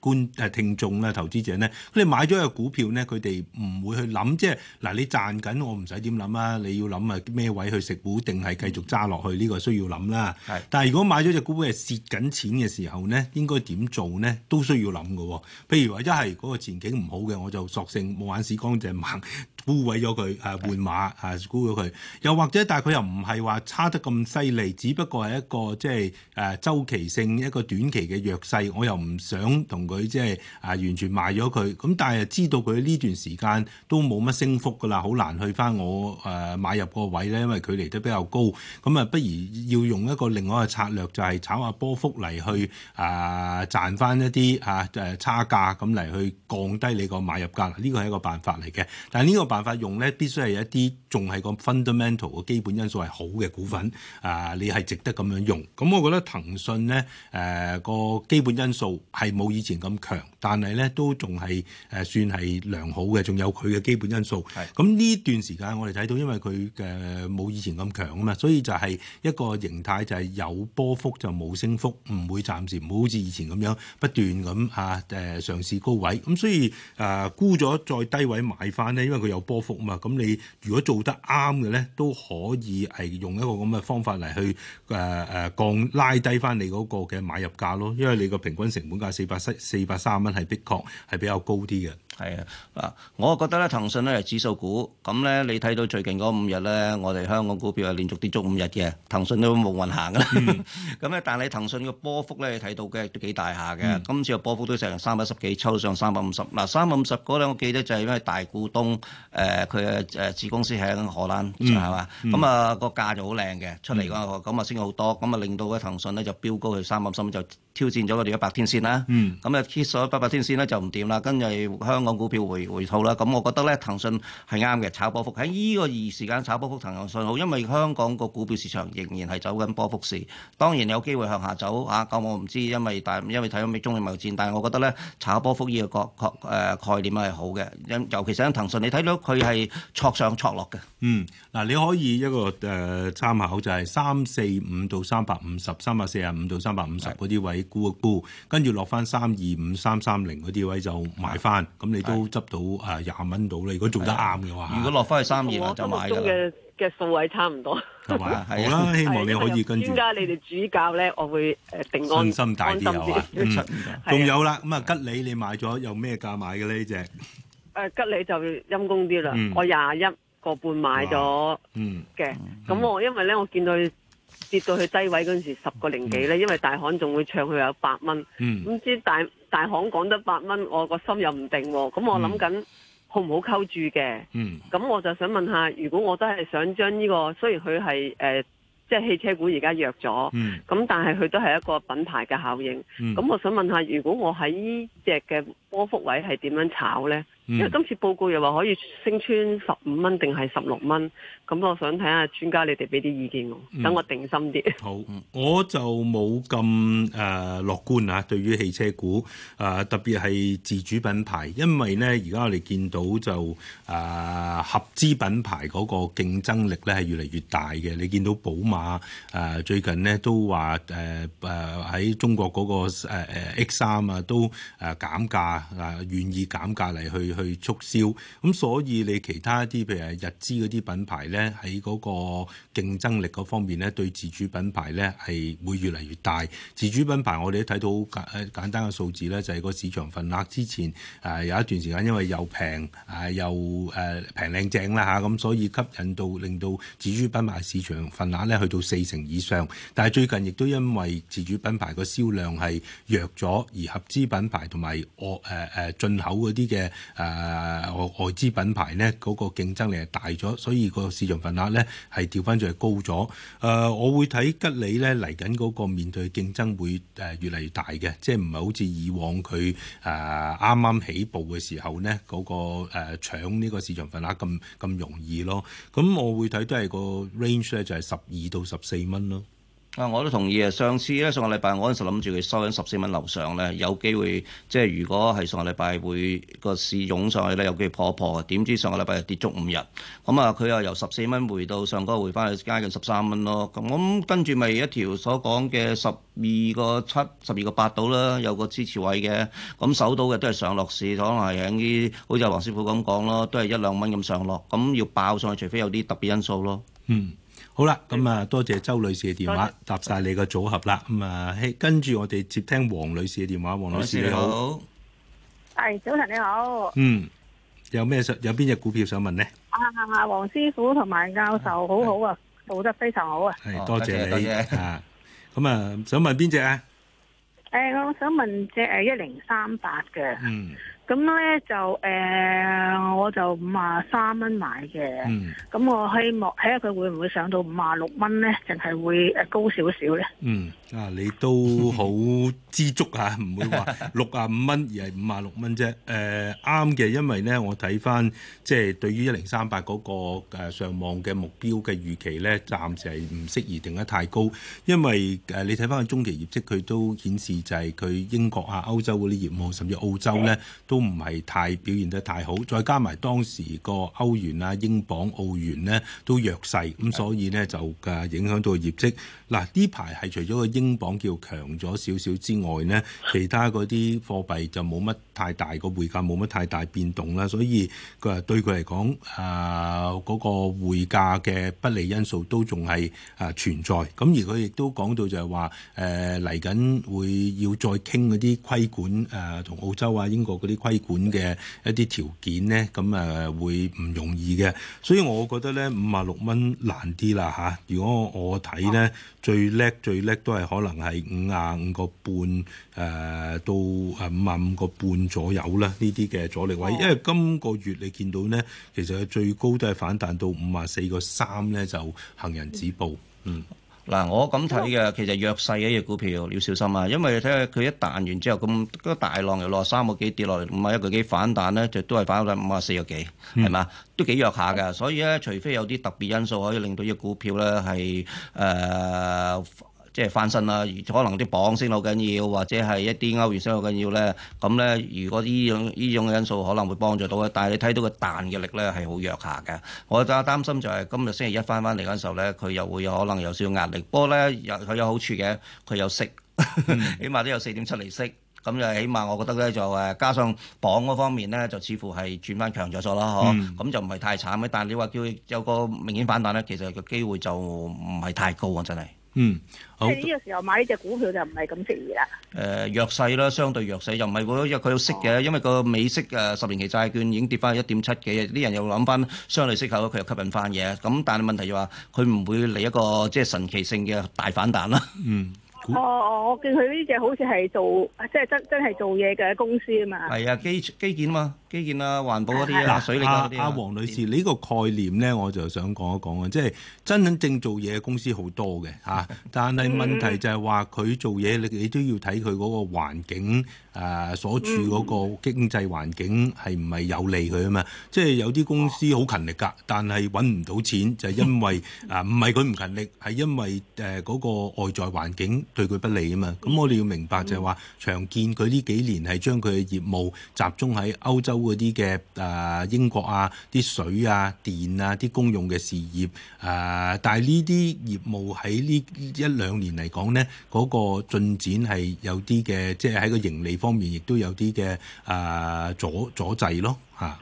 觀誒聽眾咧、投資者咧，佢哋買咗個股票咧，佢哋唔會去諗，即係嗱你賺緊，我唔使點諗啊！你要諗啊咩位去食股，定係繼續揸落去？呢、呢個需要諗啦。是但係如果買咗隻股票係蝕緊錢嘅時候咧，應該點做咧？都需要諗嘅。譬如話，一係嗰個前景唔好嘅，我就索性冇眼屎乾淨盲估毀咗佢，啊換馬啊沽咗佢。又或者，但係佢又唔係話差得咁犀利，只不過係一個即係誒、啊、週期性一個短期嘅弱勢，我又唔想。同佢即係啊，完全賣咗佢。咁但係知道佢呢段時間都冇乜升幅噶啦，好難去翻我誒、呃、買入個位咧，因為佢離得比較高。咁啊，不如要用一個另外嘅策略，就係、是、炒下波幅嚟去啊賺翻一啲啊誒、啊、差價，咁嚟去降低你個買入價。呢個係一個辦法嚟嘅。但係呢個辦法用咧，必須係有一啲仲係個 fundamental 嘅基本因素係好嘅股份啊，你係值得咁樣用。咁我覺得騰訊咧誒個基本因素係冇。冇以前咁強，但係咧都仲係誒算係良好嘅，仲有佢嘅基本因素。咁呢的段時間我哋睇到，因為佢嘅冇以前咁強啊嘛，所以就係一個形態就係有波幅就冇升幅，唔會暫時唔好似以前咁樣不斷咁啊誒嘗試高位。咁所以誒、呃、沽咗再低位買翻咧，因為佢有波幅啊嘛。咁你如果做得啱嘅咧，都可以係用一個咁嘅方法嚟去誒誒降拉低翻你嗰個嘅買入價咯，因為你個平均成本價四百。四百三十蚊係的確係比較高啲嘅。係啊，嗱，我覺得咧騰訊咧，係指數股，咁咧你睇到最近嗰五日咧，我哋香港股票係連續跌足五日嘅，騰訊都冇運行㗎喇。咁咧，但係你騰訊嘅波幅咧，你睇到嘅都幾大下嘅，今次個波幅都成三百一十幾，抽上三百五十。嗱，三百五十嗰咧，我記得就係因為大股東誒佢嘅誒子公司喺荷蘭，係嘛？咁啊個價就好靚嘅，出嚟個咁啊升好多，咁啊令到嘅騰訊咧就飆高去三百五十，就挑戰咗佢哋一百天線啦。咁啊 hit 咗一百百天線咧就唔掂啦，跟住香。香港股票回回吐啦，咁我覺得咧騰訊係啱嘅，炒波幅喺呢個時間炒波幅騰訊好，因為香港個股票市場仍然係走緊波幅市，當然有機會向下走嚇。咁、啊、我唔知，因為但因為睇咗中美中美貿戰，但係我覺得咧炒波幅依個角誒概念係好嘅，因尤其是喺騰訊，你睇到佢係挫上挫落嘅。嗯，嗱，你可以一個誒、呃、參考就係三四五到三百五十，三百四十五到三百五十嗰啲位估一估，跟住落翻三二五三三零嗰啲位就買翻咁。你都執到誒廿蚊到咧，如果做得啱嘅話，如果落翻去三二零就買到。嘅嘅數位差唔多，係嘛？係啊，希望你可以跟住。點解你哋主教咧，我會誒定安心大啲啊！嗯，仲有啦，咁啊吉利你買咗有咩價買嘅咧？呢隻誒吉利就陰公啲啦，我廿一個半買咗嘅，咁我因為咧我見到。跌到去低位嗰陣時十個零幾呢？嗯、因為大行仲會唱佢有八蚊，唔、嗯、知大大行講得八蚊，我個心又唔定，咁我諗緊、嗯、好唔好扣住嘅，咁、嗯、我就想問下，如果我都係想將呢、這個，雖然佢係誒、即、呃、係、就是、汽車股而家弱咗，咁、嗯、但係佢都係一個品牌嘅效應，咁、嗯、我想問下，如果我喺呢隻嘅。波幅位係點樣炒咧？因為今次報告又話可以升穿十五蚊定係十六蚊，咁我想睇下專家你哋俾啲意見我，等我定心啲、嗯。好，我就冇咁誒樂觀啊。對於汽車股誒，特別係自主品牌，因為咧而家我哋見到就誒合資品牌嗰個競爭力咧係越嚟越大嘅。你見到寶馬誒最近咧都話誒誒喺中國嗰個誒 X 三啊都誒減價。啊，願意減價嚟去去促銷，咁所以你其他一啲譬如日資嗰啲品牌咧，喺嗰個競爭力嗰方面咧，對自主品牌咧係會越嚟越大。自主品牌我哋都睇到簡簡單嘅數字咧，就係、是、個市場份額之前誒、啊、有一段時間，因為又平啊又誒平靚正啦嚇，咁、啊、所以吸引到令到自主品牌市場份額咧去到四成以上。但係最近亦都因為自主品牌個銷量係弱咗，而合資品牌同埋我，誒誒進口嗰啲嘅誒外外資品牌咧，嗰、那個競爭力係大咗，所以個市場份額咧係調翻轉係高咗。誒、呃，我會睇吉利咧嚟緊嗰個面對競爭會誒越嚟越大嘅，即係唔係好似以往佢誒啱啱起步嘅時候咧，嗰、那個誒、呃、搶呢個市場份額咁咁容易咯。咁我會睇都係個 range 咧，就係十二到十四蚊咯。啊！我都同意啊！上次咧上個禮拜，我嗰陣時諗住佢收緊十四蚊樓上咧，有機會即係如果係上個禮拜會個市湧上去咧，有機會破破嘅。點知上個禮拜跌足五日，咁啊佢又由十四蚊回到上個回翻去加近十三蚊咯。咁跟住咪一條所講嘅十二個七、十二個八到啦，有個支持位嘅。咁守到嘅都係上落市，可能係響啲好似黃師傅咁講咯，都係一兩蚊咁上落。咁要爆上去，除非有啲特別因素咯。嗯。好啦，咁啊，多謝周女士嘅電話，搭晒你個組合啦。咁啊，跟住我哋接聽黃女士嘅電話。黃女士你好，係早晨你好。嗯，有咩想，有邊隻股票想問呢？啊啊啊！黃師傅同埋教授好好啊，做得非常好啊。係，多謝你啊。咁啊，想問邊隻啊？誒，我想問隻誒一零三八嘅。嗯。咁咧就誒、呃，我就五啊三蚊買嘅，咁、嗯、我希望睇下佢會唔會上到五啊六蚊咧，淨係會誒高少少咧。嗯 啊！你都好知足嚇，唔會話六啊五蚊而係五啊六蚊啫。誒啱嘅，因為咧我睇翻即係對於一零三八嗰個誒、呃、上望嘅目標嘅預期咧，暫時係唔適宜定得太高，因為誒、呃、你睇翻個中期業績，佢都顯示就係佢英國啊、歐洲嗰啲業務甚至澳洲咧都唔係太表現得太好。再加埋當時個歐元啊、英鎊、澳元咧都弱勢，咁、呃、所以咧就誒影響到個業績。嗱呢排係除咗個英英鎊叫強咗少少之外咧，其他嗰啲貨幣就冇乜太大，個匯價冇乜太大變動啦，所以佢話對佢嚟講啊，嗰、個匯價嘅不利因素都仲係啊存在。咁而佢亦都講到就係話，誒嚟緊會要再傾嗰啲規管誒，同、啊、澳洲啊、英國嗰啲規管嘅一啲條件咧，咁、啊、誒會唔容易嘅。所以我覺得咧，五啊六蚊難啲啦吓。如果我睇咧、啊，最叻最叻都係。可能係五啊五個半誒到誒五啊五個半左右啦，呢啲嘅阻力位。因為今個月你見到咧，其實佢最高都係反彈到五啊四個三咧，就行人止步。嗯，嗱，我咁睇嘅，其實弱勢嘅隻股票要小心啊，因為你睇下佢一彈完之後咁，個大浪又落三個幾跌落嚟，五啊一個幾反彈咧，就都係反彈五啊四個幾，係嘛？都幾弱下㗎。所以咧，除非有啲特別因素可以令到隻股票咧係誒。即係翻身啦，可能啲鎊先好緊要，或者係一啲歐元先好緊要咧。咁咧，如果呢種呢種因素可能會幫助到嘅，但係你睇到個彈嘅力咧係好弱下嘅。我就擔心就係、是、今日星期一翻翻嚟嗰時候咧，佢又會可能有少少壓力。不過咧，佢有好處嘅，佢有息，嗯、 起碼都有四點七厘息。咁就起碼我覺得咧就誒，加上鎊嗰方面咧，就似乎係轉翻強咗咗啦，嗬。咁就唔係太慘嘅。但係你話叫有個明顯反彈咧，其實個機會就唔係太高啊，真係。嗯，即、哦、呢個時候買呢隻股票就唔係咁適宜啦。誒、呃，弱勢啦，相對弱勢又唔係嗰一，佢有息嘅，哦、因為個美式嘅、呃、十年期債券已經跌翻去一點七幾，啲人又諗翻相對息口，佢又吸引翻嘢。咁但係問題就話佢唔會嚟一個即係神奇性嘅大反彈啦。嗯。哦估哦，我見佢呢隻好似係做即係真真係做嘢嘅公司啊嘛。係啊，基基建啊嘛。基建啊，環保嗰啲啊，水利啊。阿阿、啊啊、王女士，你呢、嗯、個概念咧，我就想講一講啊。即係真真正做嘢嘅公司好多嘅吓，但係問題就係話，佢做嘢，你你都要睇佢嗰個環境誒、啊、所處嗰個經濟環境係唔係有利佢啊嘛？嗯、即係有啲公司好勤力噶，但係揾唔到錢，就係、是、因為啊唔係，佢唔勤力，係因為誒嗰、啊那個外在環境對佢不利啊嘛。咁我哋要明白就係話、嗯、長建佢呢幾年係將佢嘅業務集中喺歐洲。嗰啲嘅啊，英國啊啲水啊電啊啲公用嘅事業啊、呃，但係呢啲業務喺呢一兩年嚟講咧，嗰、嗰個進展係有啲嘅，即係喺個盈利方面亦都有啲嘅啊阻阻滯咯嚇。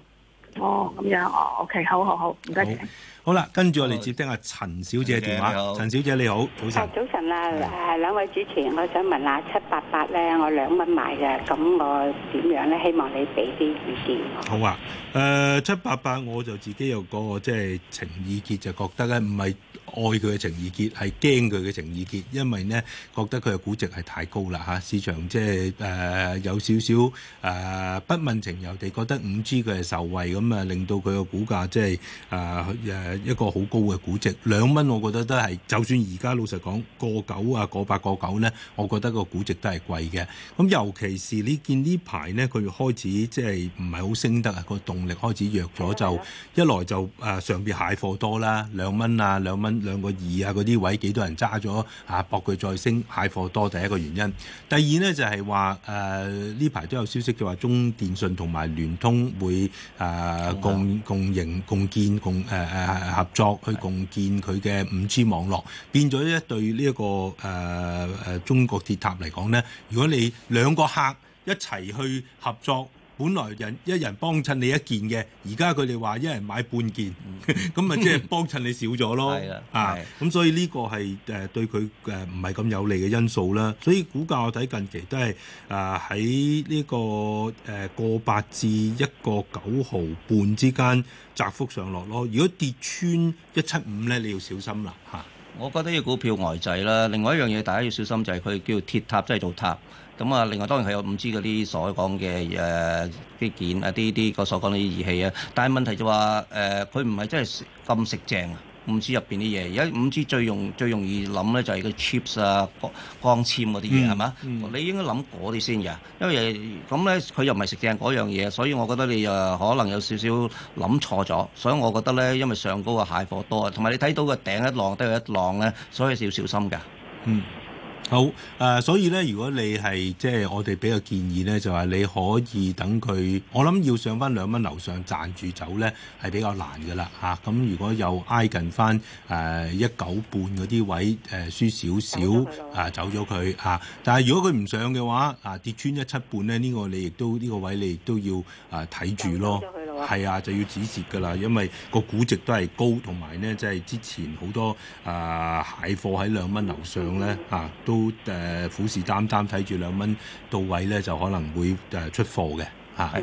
哦，咁樣哦，OK，好好好，唔該。好啦，跟住我嚟接聽阿陳小姐嘅電話。陳 Okay，小姐你好，早晨、啊。早晨啦，啊、兩位主持人，我想問下七百八咧，我兩蚊買嘅，咁我點樣咧？希望你俾啲意見。好啊，誒、呃，七百八我就自己有、那個即係、就是、情意結，就覺得咧唔係。愛佢嘅情意結，係驚佢嘅情意結，因為呢覺得佢嘅估值係太高啦嚇、啊，市場即係誒有少少誒、呃、不問情由地覺得五 G 佢係受惠，咁啊令到佢嘅股價即係誒誒一個好高嘅估值，兩蚊我覺得都係，就算而家老實講個九啊個八個九咧，我覺得個估值都係貴嘅。咁、啊、尤其是你見呢排呢，佢開始即係唔係好升得啊，個動力開始弱咗，就一來就誒、啊、上邊蟹貨多啦，兩蚊啊兩蚊。兩兩個二啊，嗰啲位幾多人揸咗啊？搏佢再升，蟹貨多，第一個原因。第二呢就係話誒呢排都有消息就話中電信同埋聯通會誒、呃嗯、共共營共建共誒誒、呃、合作去共建佢嘅五 G 網絡，的變咗咧對呢、這、一個誒誒、呃、中國鐵塔嚟講呢，如果你兩個客一齊去合作。本來人一人幫襯你一件嘅，而家佢哋話一人買半件，咁咪即係幫襯你少咗咯。係啊，咁、嗯、所以呢個係誒、呃、對佢誒唔係咁有利嘅因素啦。所以股價我睇近期都係啊喺呢個誒、呃、個八至一個九毫半之間窄幅上落咯。如果跌穿一七五咧，你要小心啦嚇。啊、我覺得要股票呆、呃、滯啦，另外一樣嘢大家要小心就係佢叫鐵塔即係、就係、做塔。咁啊，另外當然係有五 G 嗰啲所講嘅誒機件啊，啲啲個所講啲儀器啊，但係問題就話誒，佢唔係真係咁食正啊！五 G 入邊啲嘢，而家五 G 最容最容易諗咧就係個 chip 啊、光光纖嗰啲嘢係嘛？你應該諗嗰啲先㗎，因為咁咧佢又唔係食正嗰樣嘢，所以我覺得你啊、呃、可能有少少諗錯咗，所以我覺得咧，因為上高個蟹貨多啊，同埋你睇到個頂一浪，低一浪咧，所以要小心㗎。嗯。好，誒、呃，所以咧，如果你係即係我哋比較建議咧，就係、是、你可以等佢，我諗要上返兩蚊樓上賺住走咧，係比較難嘅啦，嚇、啊。咁如果又挨近返誒一九半嗰啲位誒、呃，輸少少啊，走咗佢嚇。但係如果佢唔上嘅話，啊跌穿一七半咧，呢、這個你亦都呢、這個位你亦都要啊睇住咯。係啊，就要止蝕噶啦，因為個估值都係高，同埋呢，即、就、係、是、之前好多啊、呃，蟹貨喺兩蚊樓上咧啊，都誒、呃、虎視眈眈睇住兩蚊到位咧，就可能會誒出貨嘅嚇。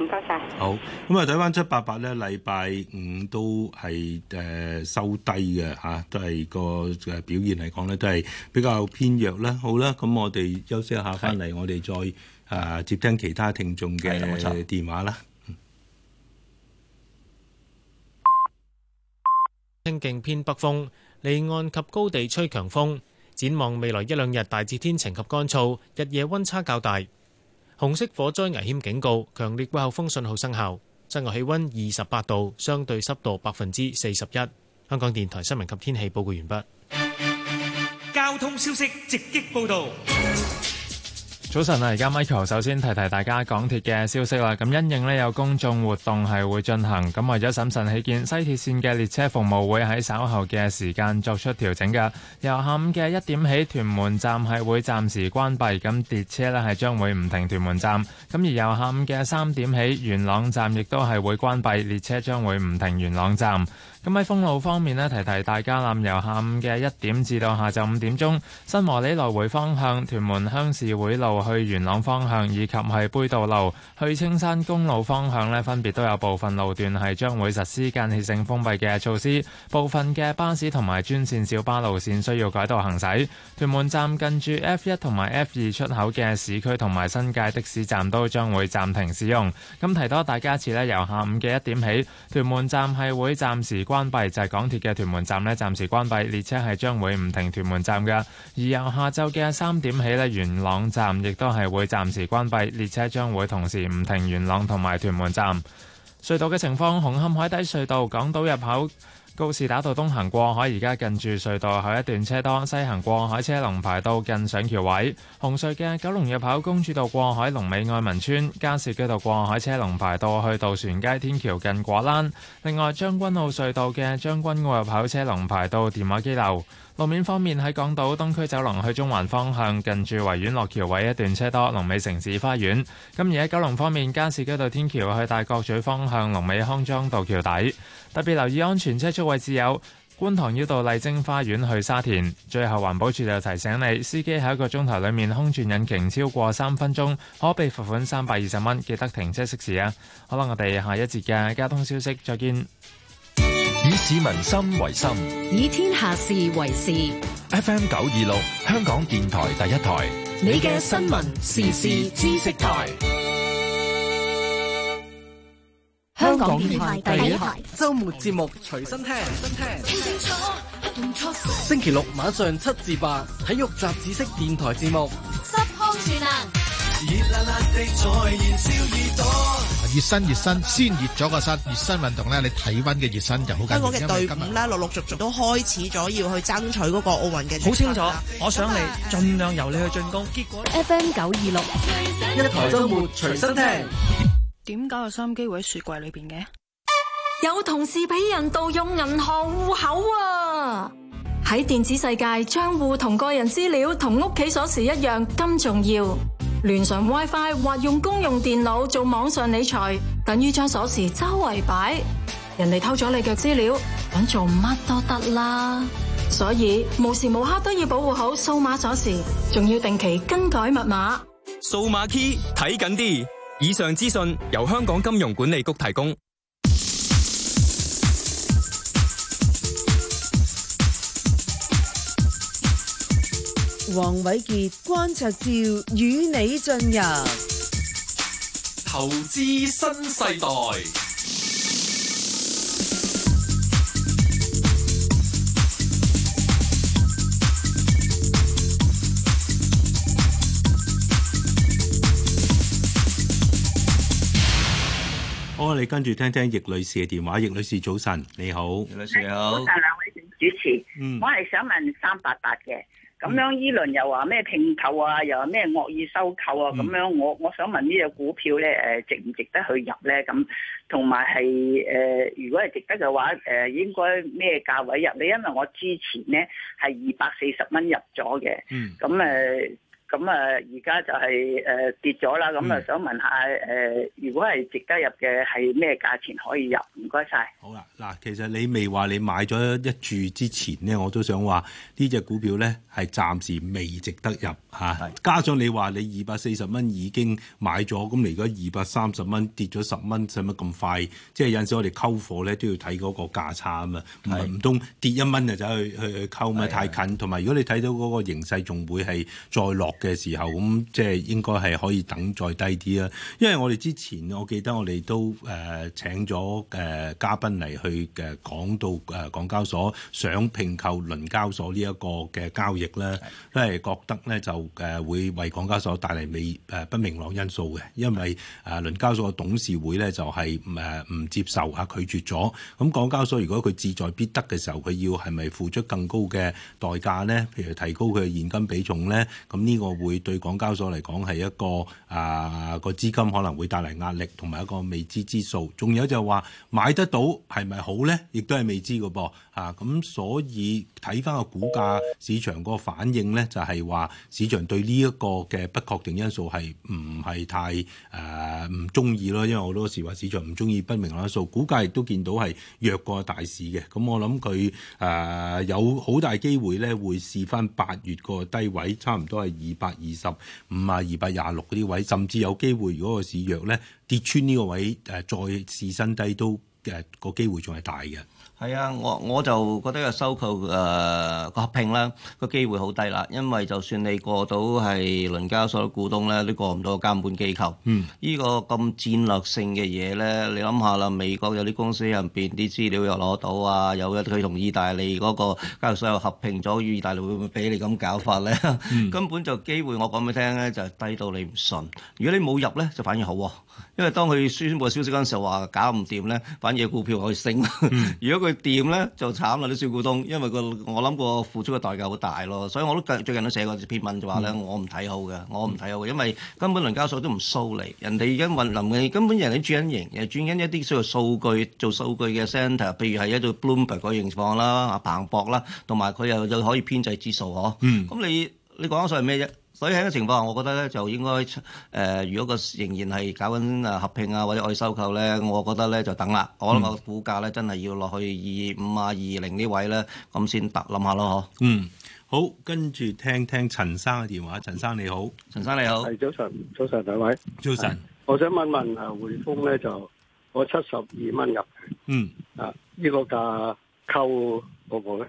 唔該晒！嗯、謝謝好咁啊，睇、嗯、翻，七八八咧，禮拜五都係誒、呃、收低嘅嚇、啊，都係個嘅表現嚟講咧，都係比較偏弱啦。好啦，咁我哋休息一下翻嚟，是我哋再啊、呃、接聽其他聽眾嘅電話啦。清勁偏北風，離岸及高地吹強風。展望未來一兩日，大致天晴及乾燥，日夜溫差較大。紅色火災危險警告，強烈季候風信號生效。室外氣溫二十八度，相對濕度百分之四十一。香港電台新聞及天氣報告完畢。交通消息直擊報道。早晨啊，而家 Michael 首先提提大家港鐵嘅消息啦。咁因應呢有公眾活動係會進行，咁為咗審慎起見，西鐵綫嘅列車服務會喺稍後嘅時間作出調整㗎。由下午嘅一點起，屯門站係會暫時關閉，咁列車呢係將會唔停屯門站。咁而由下午嘅三點起，元朗站亦都係會關閉，列車將會唔停元朗站。咁喺封路方面咧，提提大家啦，由下午嘅一點至到下晝五點鐘，新和里來回方向、屯門鄉市會路去元朗方向，以及係杯渡路去青山公路方向咧，分別都有部分路段係將會實施間歇性封閉嘅措施。部分嘅巴士同埋專線小巴路線需要改道行駛。屯門站近住 F 一同埋 F 二出口嘅市區同埋新界的士站都將會暫停使用。咁提多大家一次咧，由下午嘅一點起，屯門站係會暫時。關閉就係、是、港鐵嘅屯門站咧，暫時關閉，列車係將會唔停屯門站嘅。而由下晝嘅三點起咧，元朗站亦都係會暫時關閉，列車將會同時唔停元朗同埋屯門站。隧道嘅情況，紅磡海底隧道港島入口。告士打道東行過海，而家近住隧道有一段車多；西行過海車龍排到近上橋位。紅隧嘅九龍入口公主道過海，龍尾愛民村；加士居道過海車龍排到去渡船街天橋近果欄。另外，將軍澳隧道嘅將軍澳入口車龍排到電話機樓。路面方面喺港島東區走廊去中環方向，近住維園落橋位一段車多，龍尾城市花園。噉而喺九龍方面，加士居道天橋去大角咀方向，龍尾康莊道橋底。特別留意安全車速位置有觀塘繞道麗晶花園去沙田。最後環保處就提醒你，司機喺一個鐘頭裏面空轉引擎超過三分鐘，可被罰款三百二十蚊。記得停車熄匙啊！好啦，我哋下一節嘅交通消息再見。以市民心為心，以天下事為事。FM 九二六，香港電台第一台，你嘅新聞時事知識台。港電台第一台周末節目隨身聽，星期六晚上七至八，體育雜誌式電台節目。十項全能》熱身熱身，先熱咗個身，熱身運動咧，你體温嘅熱身就好緊要。香港嘅隊伍咧，陸陸續續都開始咗要去爭取嗰個奧運嘅。好清楚，我想你盡量由你去進攻。結果 F M 九二六，一台周末隨身聽。點解個收音機會喺雪櫃裏邊嘅？有同事俾人盜用銀行戶口啊！喺電子世界，賬戶同個人資料同屋企鎖匙一樣咁重要。連上 WiFi 或用公用電腦做網上理財，等於將鎖匙周圍擺，人哋偷咗你嘅資料，搵做乜都得啦。所以無時無刻都要保護好數碼鎖匙，仲要定期更改密碼。數碼 key 睇緊啲。以上資訊由香港金融管理局提供。黃瑋傑、關焯照與你進入投資新世代。你跟住聽聽易女士嘅電話。易女士早晨，你好，易女士好。早晨兩位主持，嗯、我係想問三八八嘅，咁樣，依輪又話咩併購啊，又話咩惡意收購啊。咁、嗯、樣我我想問呢隻股票咧誒，值唔值得去入咧？咁同埋係誒，如果係值得嘅話，誒、呃、應該咩價位入咧？因為我之前咧係二百四十蚊入咗嘅，咁誒、嗯。咁啊，而家就係誒跌咗啦，咁啊、嗯、想問下誒、呃，如果係值得入嘅係咩價錢可以入？唔該晒。好啦，嗱，其實你未話你買咗一注之前咧，我都想話呢隻股票咧係暫時未值得入嚇。啊、是加上你話你二百四十蚊已經買咗，咁你如果二百三十蚊跌咗十蚊，使乜咁快？即係有時我哋溝貨咧都要睇嗰個價差啊嘛，唔唔通跌一蚊就走去去去溝，咪太近？同埋的如果你睇到嗰個形勢仲會係再落。嘅時候，咁即係應該係可以等再低啲啦。因為我哋之前，我記得我哋都誒、呃、請咗誒、呃、嘉賓嚟去誒講、呃、到誒、呃、港交所想併購倫交所呢一個嘅交易咧，都係是的 覺得咧就誒會為港交所帶嚟未誒不明朗因素嘅，因為誒倫、呃、交所嘅董事會咧就係誒唔接受啊，拒絕咗。咁、嗯、港交所如果佢志在必得嘅時候，佢要係咪付出更高嘅代價咧？譬如提高佢嘅現金比重咧，咁呢、這個。會對港交所嚟講，係一個啊，個資金可能會帶嚟壓力，同埋一個未知之數，仲有就話買得到係咪好咧？亦都係未知嘅噃。啊，咁所以睇翻個股價市場個反應咧，就係、是、話市場對呢一個嘅不確定因素係唔係太誒唔、啊、中意咯？因為好多時話市場唔中意不明朗因素，股、啊、價亦都見到係弱過大市嘅。咁、啊、我諗佢誒有好大機會咧，會試翻八月個低位，差唔多係二。二百二十五啊、二百廿六嗰啲位，甚至有機會如果個市弱咧，跌穿呢個位，誒，再試新低都誒個機會仲係大嘅。係啊，我我就覺得個收購誒、呃、合併啦個機會好低啦，因為就算你過到係倫交所嘅股東咧，都過唔到監管機構。嗯，依個咁戰略性嘅嘢咧，你諗下啦，美國有啲公司入邊啲資料又攞到啊，有佢同意大利嗰、嗰個交易所合併咗，意大利會唔會俾你咁搞法咧？嗯、根本就機會我講俾你聽咧，就係、低到你唔信。如果你冇入咧，就反而好、啊。因為當佢宣布消息嗰陣時候話搞唔掂咧，反而股票可以升。嗯、如果佢掂咧，就慘啦啲小股東，因為個我諗過付出嘅代價好大咯。所以我都最近都寫過篇文就話咧，我唔睇好嘅，我唔睇好嘅，因為根本倫交所都唔 show 你，人哋已經運林嘅，嗯、根本人哋轉緊型，又轉緊一啲需要數據做數據嘅 centre 譬如係一到 Bloomberg 嗰情況啦、阿彭博啦，同埋佢又又可以編制指數嗬。咁、嗯嗯、你你講緊所係咩啫？所以喺呢個情況下，我覺得咧就應該誒、呃，如果佢仍然係搞緊誒合併啊，或者愛收購咧，我覺得咧就等啦。嗯、我諗個股價咧真係要落去二五啊二零呢位咧，咁先得，諗下咯嗬。嗯，好，跟住聽聽陳生嘅電話。陳生你好，陳生你好，係早晨，早晨兩位早晨上。我想問問啊，匯豐咧就我七十二蚊入嗯，啊呢、呢個價溝嗰個咧？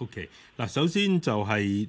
OK，嗱首先就係誒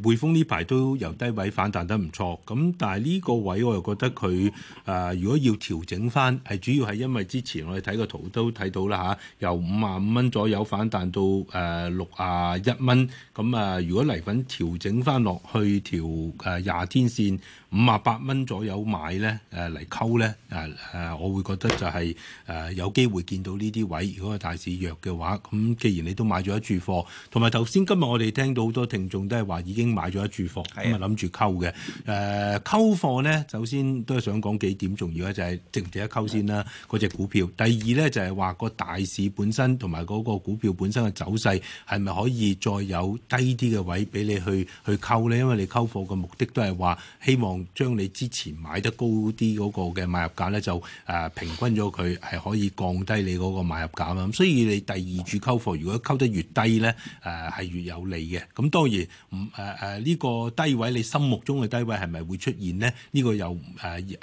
匯豐呢排都由低位反彈得唔錯，咁但係呢個位我又覺得佢啊、呃，如果要調整翻，係主要係因為之前我哋睇個圖都睇到啦嚇、啊，由五啊五蚊左右反彈到誒六啊一蚊，咁、呃、啊、呃、如果嚟緊調整翻落去條誒廿天線。五啊八蚊左右買呢誒嚟、啊、溝呢，誒、啊、誒，我會覺得就係、是、誒、啊、有機會見到呢啲位。如果個大市弱嘅話，咁既然你都買咗一注貨，同埋頭先今日我哋聽到好多聽眾都係話已經買咗一注貨，咁啊諗住溝嘅。誒、啊、溝貨呢，首先都係想講幾點重要咧，就係、是、值唔值得溝先啦，嗰隻股票。第二呢，就係話個大市本身同埋嗰個股票本身嘅走勢，係咪可以再有低啲嘅位俾你去去溝呢？因為你溝貨嘅目的都係話希望。將你之前買得高啲嗰個嘅買入價咧，就誒、呃、平均咗佢，係可以降低你嗰個買入價啦。咁所以你第二注溝貨，如果溝得越低咧，誒、呃、係越有利嘅。咁、嗯、當然唔誒誒呢個低位，你心目中嘅低位係咪會出現咧？呢、這個又誒誒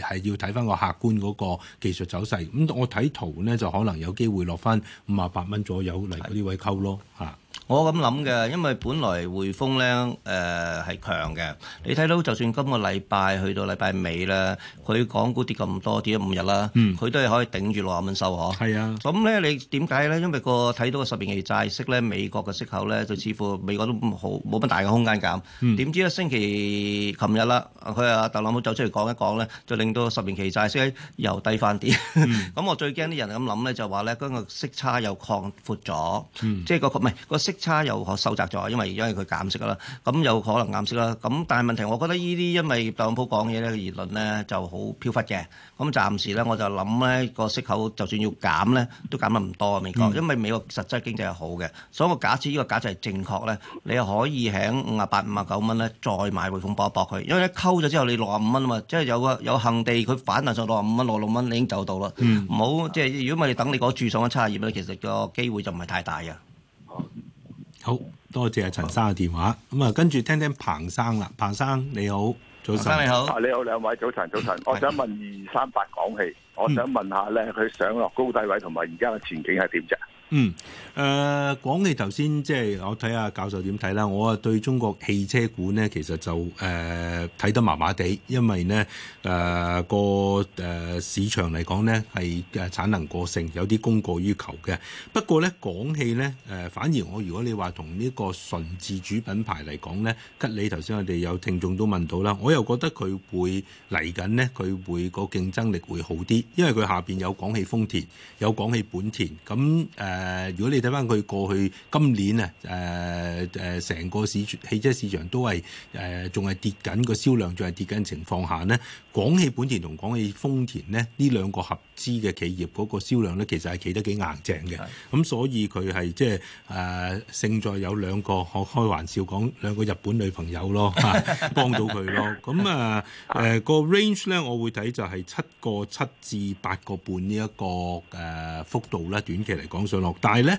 係要睇翻個客觀嗰個技術走勢。咁、嗯、我睇圖咧就可能有機會落翻五啊八蚊左右嚟嗰啲位溝咯嚇。的我咁諗嘅，因為本來匯豐咧，誒係強嘅。你睇到就算今個禮拜去到禮拜尾啦，佢港股跌咁多，跌咗五日啦，佢都係可以頂住六十蚊收呵。係啊。咁咧你點解咧？因為個睇到個十年期債息咧，美國嘅息口咧，就似乎美國都冇冇乜大嘅空間減。點知咧星期琴日啦，佢阿特朗普走出嚟講一講咧，就令到十年期債息又低翻啲。咁我最驚啲人咁諗咧，就話咧嗰個息差又擴闊咗，即係個唔係個。息差又可收窄咗，因為因為佢減息啦，咁有可能減息啦。咁但係問題，我覺得呢啲因為特朗普講嘢咧，議論咧就好飄忽嘅。咁暫時咧，我就諗咧個息口就算要減咧，都減得唔多美國，因為美國實際經濟係好嘅。所以我假設呢、這個假設係正確咧，你可以喺五啊八、五啊九蚊咧再買匯控搏一搏佢。因為一溝咗之後，你六啊五蚊啊嘛，即係有個有恆地佢反彈上六啊五蚊、六六蚊，你已經走到啦。唔好、嗯、即係如果唔係等你個注上嘅差別咧，其實個機會就唔係太大嘅。好多謝阿陳生嘅電話，咁啊跟住聽聽彭生啦，彭生你好，早晨，你好，你好兩位早晨，早晨， 我想問二三八港氣。 我想問下咧佢上落高低位同埋而家嘅前景係點啫？嗯，誒、呃，廣汽頭先即係我睇下教授點睇啦。我啊對中國汽車股呢，其實就誒睇，呃、得麻麻地，因為呢誒、呃、個誒、呃、市場嚟講呢係誒產能過剩，有啲供過於求嘅。不過呢，廣汽呢，誒、呃、反而我如果你話同呢個純自主品牌嚟講呢，吉利頭先我哋有聽眾都問到啦，我又覺得佢會嚟緊呢，佢會個競爭力會好啲，因為佢下邊有廣汽豐田，有廣汽本田，咁誒。呃誒，如果你睇翻佢過去今年啊，誒、呃、誒，成個市汽車市場都係誒，仲、呃、係跌緊個銷量，仲係跌緊情況下呢，廣汽本田同廣汽豐田呢，呢兩個合資嘅企業嗰、那個銷量咧，其實係企得幾硬淨嘅。咁的、嗯、所以佢係即係誒勝在有兩個學開玩笑講兩個日本女朋友咯， 幫到佢咯。咁啊誒個 range 咧，我會睇就係七個七至八個半呢、這、一個誒、呃、幅度咧。短期嚟講上落，但係咧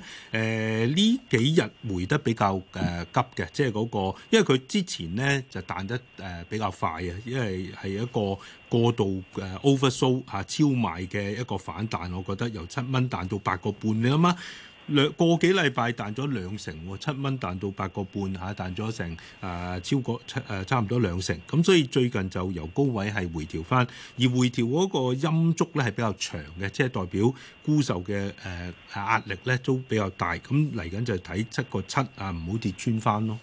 誒呢、呃、幾日回得比較誒、呃、急嘅，即係嗰個因為佢之前咧就彈得誒、呃、比較快啊，因為係一個。過度嘅 over-sold 超賣嘅一個反彈，我覺得由七蚊彈到八個半，你諗下，兩個幾禮拜彈咗兩成，七蚊彈到八個半嚇，彈咗成誒超過七誒差唔多兩成。咁所以最近就由高位係回調翻，而回調嗰個陰燭咧係比較長嘅，即係代表沽售嘅誒壓力咧都比較大。咁嚟緊就睇七個七啊，唔好跌穿翻咯。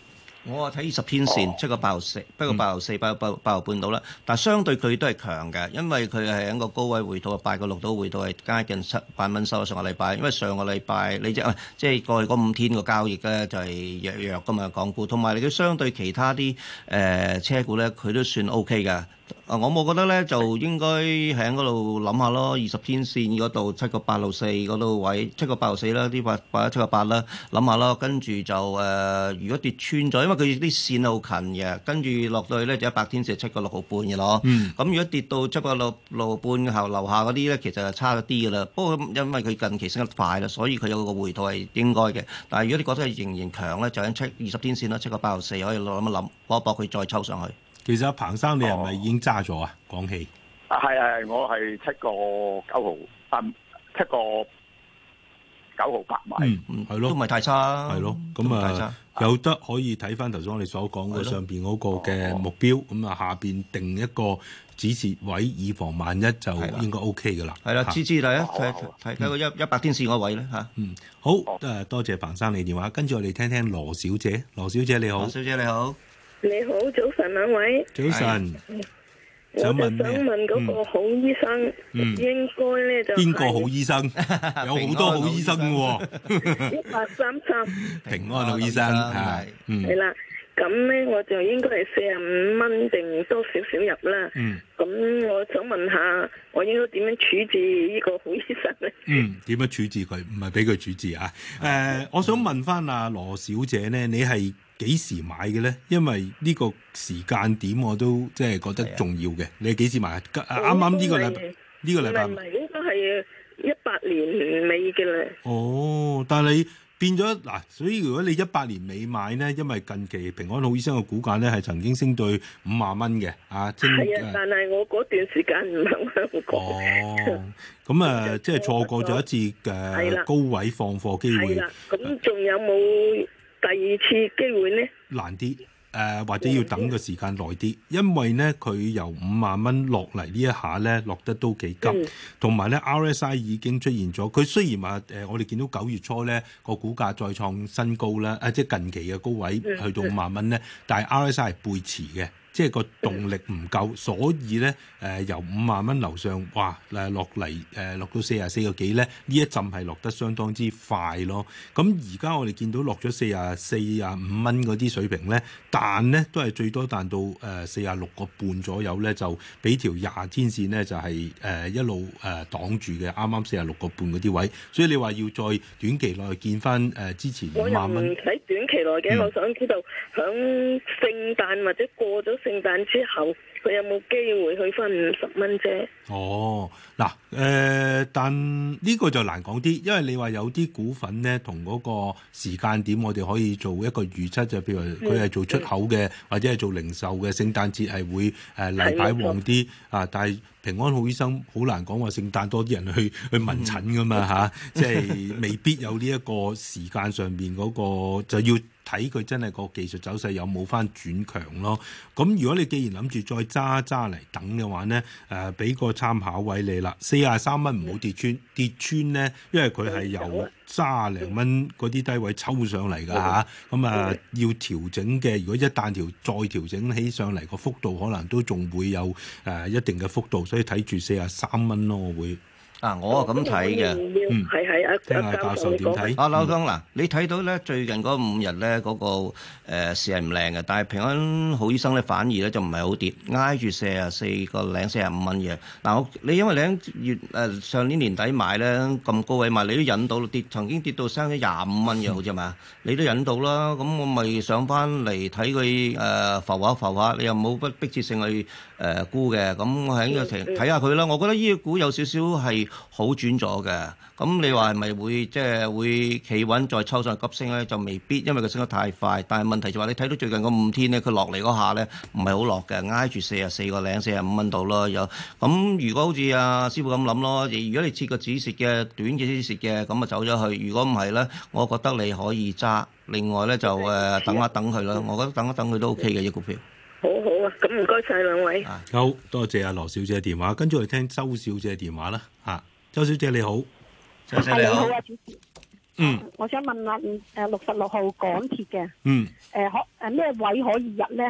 我啊睇二十天線、哦、出八號四，不過八號四、八號、八號半到啦。但係相對佢都係強嘅，因為佢係喺個高位回吐，八個六度回吐係接近七百蚊收上個禮拜。因為上個禮拜你即係即係過去嗰五天個交易咧就係弱弱㗎嘛，港股同埋你佢相對其他啲誒、呃、車股咧，佢都算 O K 㗎。啊，我冇覺得咧，就應該喺嗰度諗下咯。二十天線嗰度七個八六四嗰度位，七個八六四啦，呢八八一七個八啦，諗下咯。跟住就誒，如果跌穿咗，因為佢啲線好近嘅，跟住落到去咧就一百天線七個六毫半嘅咯。咁如果跌到七個六六毫半後，樓下嗰啲咧其實就差啲噶啦。不過因為佢近期升得快啦，所以佢有個回吐係應該嘅。但係如果你覺得係仍然強咧，就喺七二十天線啦，七個八六四可以諗一諗，搏一搏佢再抽上去。其實阿彭生，你係咪已經揸咗啊？講起，係係，我係七個九毫八，七個九毫八埋，嗯，係咯，都唔係太差，係咯，咁啊，有得可以睇翻頭先我哋所講嘅上邊嗰個嘅目標，咁啊下邊定一個止蝕位，以防萬一就應該 OK 噶啦。係啦，止蝕第一睇睇睇個一一百天線個位咧吓。嗯，好，誒，多謝彭生你電話，跟住我哋聽聽羅小姐，羅小姐你好，羅小姐你好。你好，早晨兩位。早晨上，我想問嗰個好醫生，嗯、應該咧就邊個好醫生？有好多好醫生喎，一八三三平安老醫生係。係啦，咁咧我就應該係四十五蚊定多少少入啦。嗯。咁我想問下，我應該點樣處置呢個好醫生咧？嗯，點樣處置佢？唔係俾佢處置啊？誒、嗯呃，我想問翻阿羅小姐咧，你係？幾時買嘅咧？因為呢個時間點我都即係覺得重要嘅。的你幾時買？啱啱呢個禮拜，呢個禮拜唔係，應該係一八年尾嘅啦。哦，但係你變咗嗱，所以如果你一八年尾買咧，因為近期平安好醫生嘅股價咧係曾經升到五萬蚊嘅啊。係啊，但係我嗰段時間唔喺香港。 哦，咁啊，即係錯過咗一次嘅高位放貨機會。咁仲有冇？第二次機會呢，難啲，誒、呃、或者要等個時間耐啲，因為呢，佢由五萬蚊落嚟呢一下呢落得都幾急，同埋呢 RSI 已經出現咗，佢雖然話誒、呃、我哋見到九月初呢個股價再創新高啦，啊即係近期嘅高位去到五萬蚊呢，但係 RSI 係背馳嘅。即係個動力唔夠，所以咧誒、呃、由五萬蚊樓上哇誒落嚟誒落到四十四個幾咧，呢一陣係落得相當之快咯。咁而家我哋見到落咗四十四、五蚊嗰啲水平咧，但咧都係最多彈到誒四十六個半左右咧，就俾條廿天線咧就係誒一路誒擋住嘅，啱啱四十六個半嗰啲位。所以你話要再短期內見翻誒、呃、之前五萬蚊喺短期內嘅，嗯、我想知道響聖誕或者過咗。聖誕之後，佢有冇機會去翻五十蚊啫？哦。嗱，誒、呃，但呢個就難講啲，因為你話有啲股份咧，同嗰個時間點，我哋可以做一個預測，就譬如佢係做出口嘅，或者係做零售嘅，聖誕節係會誒例牌旺啲啊。但係平安好醫生好難講話聖誕多啲人去、嗯、去問診噶嘛吓，即、啊、係 未必有呢一個時間上面嗰、那個就要睇佢真係個技術走勢有冇翻轉強咯。咁如果你既然諗住再揸揸嚟等嘅話咧，誒、呃，俾個參考位你。嗱，四廿三蚊唔好跌穿，跌穿咧，因為佢係由卅零蚊嗰啲低位抽上嚟噶吓，咁 Okay. 啊要調整嘅。如果一旦調再調整起上嚟，個幅度可能都仲會有誒、呃、一定嘅幅度，所以睇住四廿三蚊咯，我會。嗱，我啊咁睇嘅，嗯，係係啊，聽下教授點睇？阿劉生嗱，你睇到咧最近嗰五日咧嗰個誒市係唔靚嘅，但係平安好醫生咧反而咧就唔係好跌，挨住四啊四個零四啊五蚊嘅。嗱，我你因為你喺月誒上年年底買咧咁高位買，你都忍到咯，跌曾經跌到剩咗廿五蚊嘅，好啫嘛？你都忍到啦，咁我咪上翻嚟睇佢誒浮吓浮吓，你又冇逼切性去。誒沽嘅，咁我喺呢個睇下佢啦。我覺得呢個股有少少係好轉咗嘅。咁、嗯、你話係咪會即係會企穩再抽上急升咧？就未必，因為佢升得太快。但係問題就係話你睇到最近個五天咧，佢落嚟嗰下咧，唔係好落嘅，挨住四十四個零、四十五蚊度咯有。咁、嗯嗯、如果好似阿、啊、師傅咁諗咯，如果你設個止蝕嘅短嘅止蝕嘅，咁啊走咗去。如果唔係咧，我覺得你可以揸。另外咧就誒、呃、等一等佢啦，我覺得等一等佢都 O K 嘅呢個股票。嗯嗯嗯嗯嗯好好啊，咁唔該晒兩位。啊、好多謝阿羅小姐嘅電話，跟住我哋聽周小姐嘅電話啦。啊，周小姐你好，你好啊，小姐。嗯、啊，我想問下，誒，六十六號港鐵嘅，嗯，誒可誒咩位可以入咧？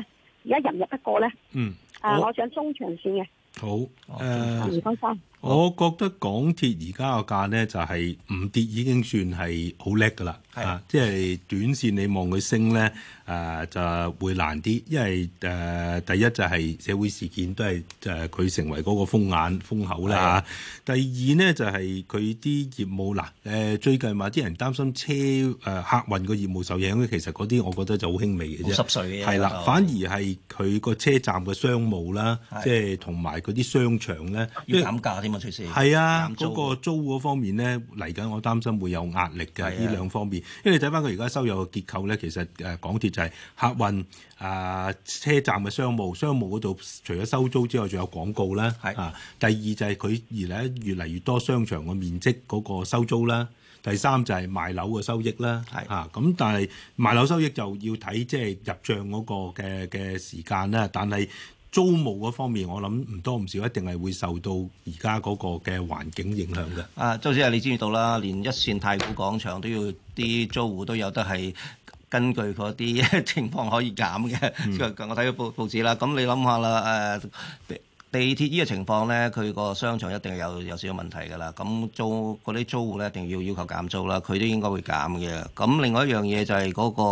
而家入唔入得過咧？嗯，啊，我想中長線嘅。好，誒、哦，唔該晒。我覺得港鐵而家個價呢，就係、是、唔跌已經算係好叻㗎啦，的啊！即係短線你望佢升呢，啊、呃、就會難啲，因為誒、呃、第一就係社會事件都係誒佢成為嗰個風眼風口啦嚇。的第二呢，就係佢啲業務嗱誒、呃、最近話啲人擔心車誒、呃、客運個業務受影響，其實嗰啲我覺得就好輕微嘅啫，濕碎嘅啫。係啦，反而係佢個車站嘅商務啦，即係同埋嗰啲商場呢，的要減價添。係啊，嗰、啊、個租嗰方面咧嚟緊，我擔心會有壓力嘅。呢兩、啊、方面，因為你睇翻佢而家收入嘅結構咧，其實誒港鐵就係客運啊、呃，車站嘅商務，商務嗰度除咗收租之外，仲有廣告啦。係的啊，第二就係佢而家越嚟越多商場嘅面積嗰個收租啦。第三就係賣樓嘅收益啦。係的啊，咁但係賣樓收益就要睇即係入帳嗰個嘅嘅時間啦。但係。租務嗰方面，我諗唔多唔少一定係會受到而家嗰個嘅環境影響嘅。啊，周小姐，你知唔知道啦？連一線太古廣場都要啲租戶都有得係根據嗰啲情況可以減嘅。嗯、我睇咗報報紙啦，咁、嗯、你諗下啦，誒、啊、地鐵呢個情況咧，佢個商場一定係有有少少問題㗎啦。咁租嗰啲租戶咧，一定要要求減租啦，佢都應該會減嘅。咁另外一樣嘢就係嗰、那個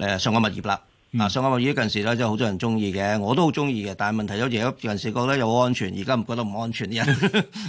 誒、呃、上岸物業啦。嗱，嗯、上眼呢耳，近時咧真係好多人中意嘅，我都好中意嘅。但係問題，有時有陣時覺得又好安全，而家唔覺得唔安全嘅。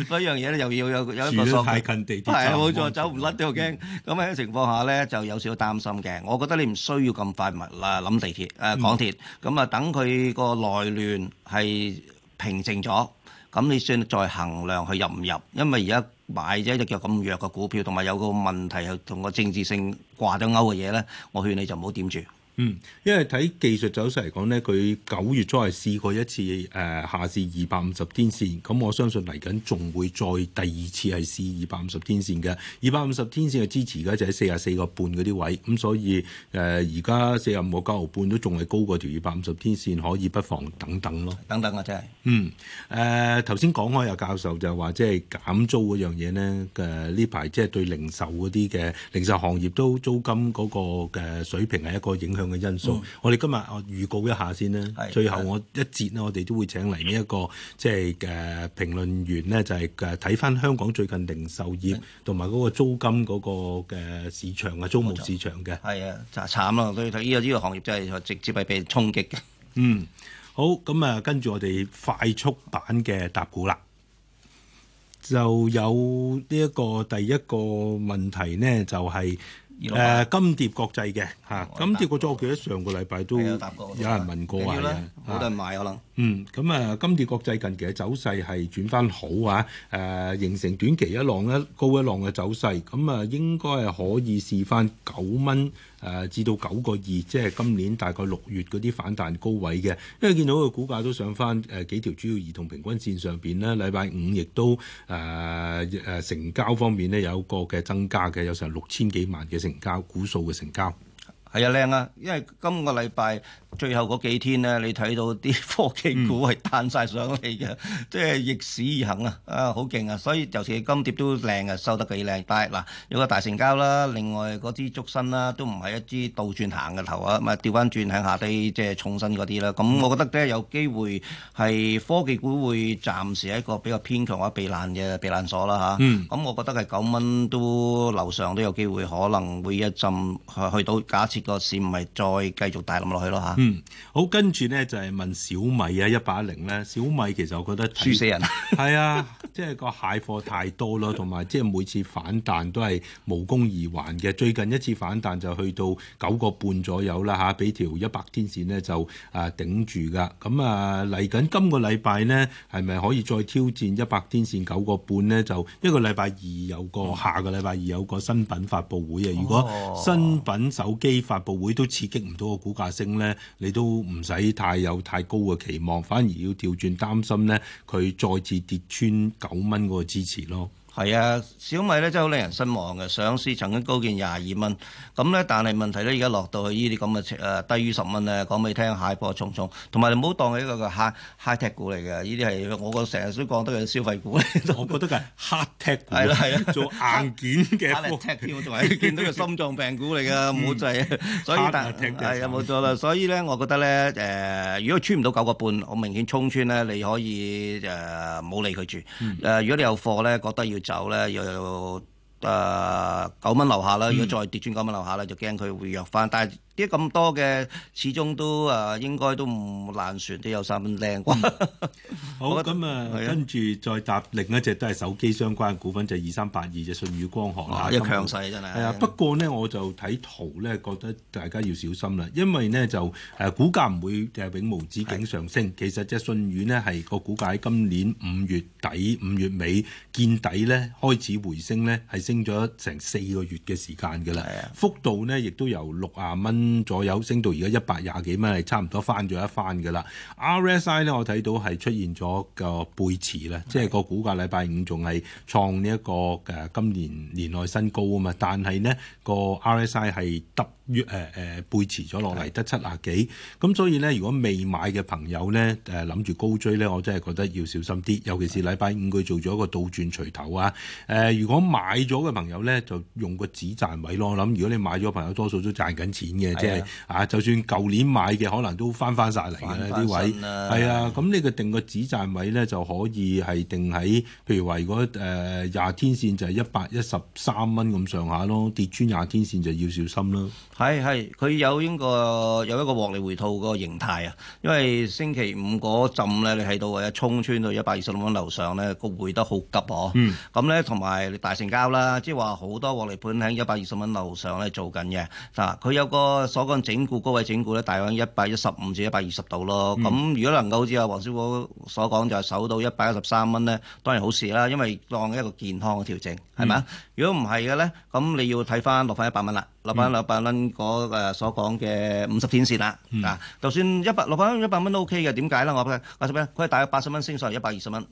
所以呢樣嘢咧，又要有有一個疏忽，係冇對錯，走唔甩、嗯、都驚。咁喺情況下咧，就有少少擔心嘅。我覺得你唔需要咁快咪啦諗地鐵誒、呃、港鐵咁啊，嗯、等佢個內亂係平靜咗，咁你算再衡量佢入唔入，因為而家買隻隻腳咁弱嘅股票，同埋有，有個問題係同個政治性掛咗鈎嘅嘢咧，我勸你就唔好點住。嗯，因為睇技術走勢嚟講呢，佢九月初係試過一次誒、呃、下試二百五十天線，咁我相信嚟緊仲會再第二次係試二百五十天線嘅。二百五十天線嘅支持而家就喺四十四個半嗰啲位，咁、嗯、所以誒而家四十五個九毫半都仲係高過條二百五十天線，可以不妨等等咯。等等啊，真、就、係、是。嗯，誒頭先講開有教授就係話，即係減租嗰樣嘢呢，嘅呢排即係對零售嗰啲嘅零售行業都租金嗰個嘅水平係一個影響。嘅因素，嗯、我哋今日我預告一下先啦。是最後我一節呢，是我哋都會請嚟呢一個即係誒評論員呢，就係誒睇翻香港最近零售業同埋嗰個租金嗰個嘅市場嘅租務市場嘅。係啊，就係慘啦！所以睇呢個依、呢個行業就係直接係被人衝擊嘅。嗯，好，咁、嗯、啊，跟住我哋快速版嘅答估啦，就有呢一個第一個問題呢，就係、是。誒、呃、金蝶國際嘅嚇，啊、金蝶個莊我記得上個禮拜都有，答過有人問過係啊，好多人買可能。嗯，咁、嗯、啊金蝶國際近期嘅走勢係轉翻好啊，誒形成短期一浪一高一浪嘅走勢，咁啊應該係可以試翻九蚊。誒至到九個二，即係今年大概六月嗰啲反彈高位嘅，因為見到個股價都上翻誒幾條主要移動平均線上邊咧。禮拜五亦都誒誒、呃、成交方面咧有一個嘅增加嘅，有成六千幾萬嘅成交股數嘅成交。係啊，靚啊，因為今個禮拜。最後嗰幾天呢，你睇到啲科技股係彈晒上嚟嘅，嗯、即係逆市而行啊！啊，好勁啊！所以就算金碟都靚啊，收得幾靚。但係嗱，如、啊、果大成交啦，另外嗰支竹身啦、啊，都唔係一支倒轉行嘅頭啊，咪調翻轉向下低，即係重身嗰啲啦。咁、嗯、我覺得咧，有機會係科技股會暫時係一個比較偏強或避難嘅避難所啦嚇。咁、嗯、我覺得係九蚊都樓上都有機會，可能會一浸去到假設個市唔係再繼續大冧落去咯嚇。嗯，好，跟住呢就係、是、問小米啊，一百零呢，小米其實我覺得輸死四人，係 啊，即、就、係、是、個蟹貨太多咯，同埋即係每次反彈都係無功而還嘅。最近一次反彈就去到九個半左右啦吓，俾條一百天線呢就頂啊頂住噶。咁啊嚟緊今個禮拜呢，係咪可以再挑戰一百天線九個半呢，就一個禮拜二有個、嗯、下個禮拜二有個新品發布會啊。哦、如果新品手機發布會都刺激唔到個股價升呢，你都唔使太有太高嘅期望，反而要調轉擔心咧，佢再次跌穿九蚊嗰個支持咯。係啊，小米咧真係好令人失望嘅，上市曾經高見廿二蚊。咁咧，但係問題咧，而家落到去呢啲咁嘅誒低於十蚊咧，講俾你聽，蟹貨重重，同埋你唔好當佢一個個 high high tech 股嚟嘅，呢啲係我個成日都講得嘅消費股我覺得嘅。high tech 股。係啦，係啊，啊做硬件嘅。睇嚟係見到個心臟病股嚟㗎，冇制。所以但係有冇錯啦？所以咧，我覺得咧，誒、呃，如果穿唔到九個半，我明顯衝穿咧，你可以誒冇理佢穿。誒、呃呃，如果你有貨咧，覺得要。走咧又又誒九蚊樓下啦，嗯、如果再跌穿九蚊樓下咧，就驚佢會弱翻，但係。啲咁多嘅，始終都啊，應該都唔難，船都有三分靚啩。好，咁啊，跟住再搭另一隻都係手機相關嘅股份，就係二三八二隻舜宇光學啦。啊，又強勢，真係。係啊，不過呢，我就睇圖咧，覺得大家要小心啦，因為呢，就誒股價唔會誒永無止境上升。其實隻舜宇呢，係個股價喺今年五月底、五月尾見底咧開始回升呢，係升咗成四個月嘅時間㗎啦。係啊，幅度呢，亦都由六廿蚊左右升到而家一百廿幾蚊，係差唔多翻咗一番嘅啦。RSI 咧，我睇到係出現咗個背馳咧，的即係個股價禮拜五仲係創呢一個誒今年年內新高啊嘛。但係呢、那個 RSI 係耷於、呃、誒誒背馳咗落嚟，得七十幾。咁的所以呢，如果未買嘅朋友呢，誒諗住高追呢，我真係覺得要小心啲。尤其是禮拜五佢做咗個倒轉錘頭啊！誒、呃，如果買咗嘅朋友呢，就用個止賺位咯。我諗如果你買咗嘅朋友，多數都賺緊錢嘅。即係啊，啊！就算舊年買嘅，可能都翻翻晒嚟嘅啲位。係啊，咁你嘅定個止賺位咧，就可以係定喺譬如話，如果誒廿天線就係一百一十三蚊咁上下咯，跌穿廿天線就要小心啦。係係，佢有呢個有一個獲利回吐嗰個形態啊。因為星期五嗰陣咧，你睇到啊，衝穿到一百二十六蚊樓上咧，個回得好急哦、啊。嗯。咁咧、嗯，同埋你大成交啦，即係話好多獲利盤喺一百二十蚊樓上咧做緊嘅。嗱，佢有個所講整固高位整固咧，大約一百一十五至一百二十度咯。咁如果能夠好似阿黃師傅所講，就係守到一百一十三蚊咧，當然好事啦。因為當一個健康嘅調整，係咪啊？嗯、如果唔係嘅咧，咁你要睇翻落翻一百蚊啦，落翻兩百蚊嗰誒所講嘅五十天線啦。嗯、啊，就算一百落翻一百蚊都 OK 嘅，點解咧？我嘅八十蚊，佢係大約八十蚊升上一百二十蚊。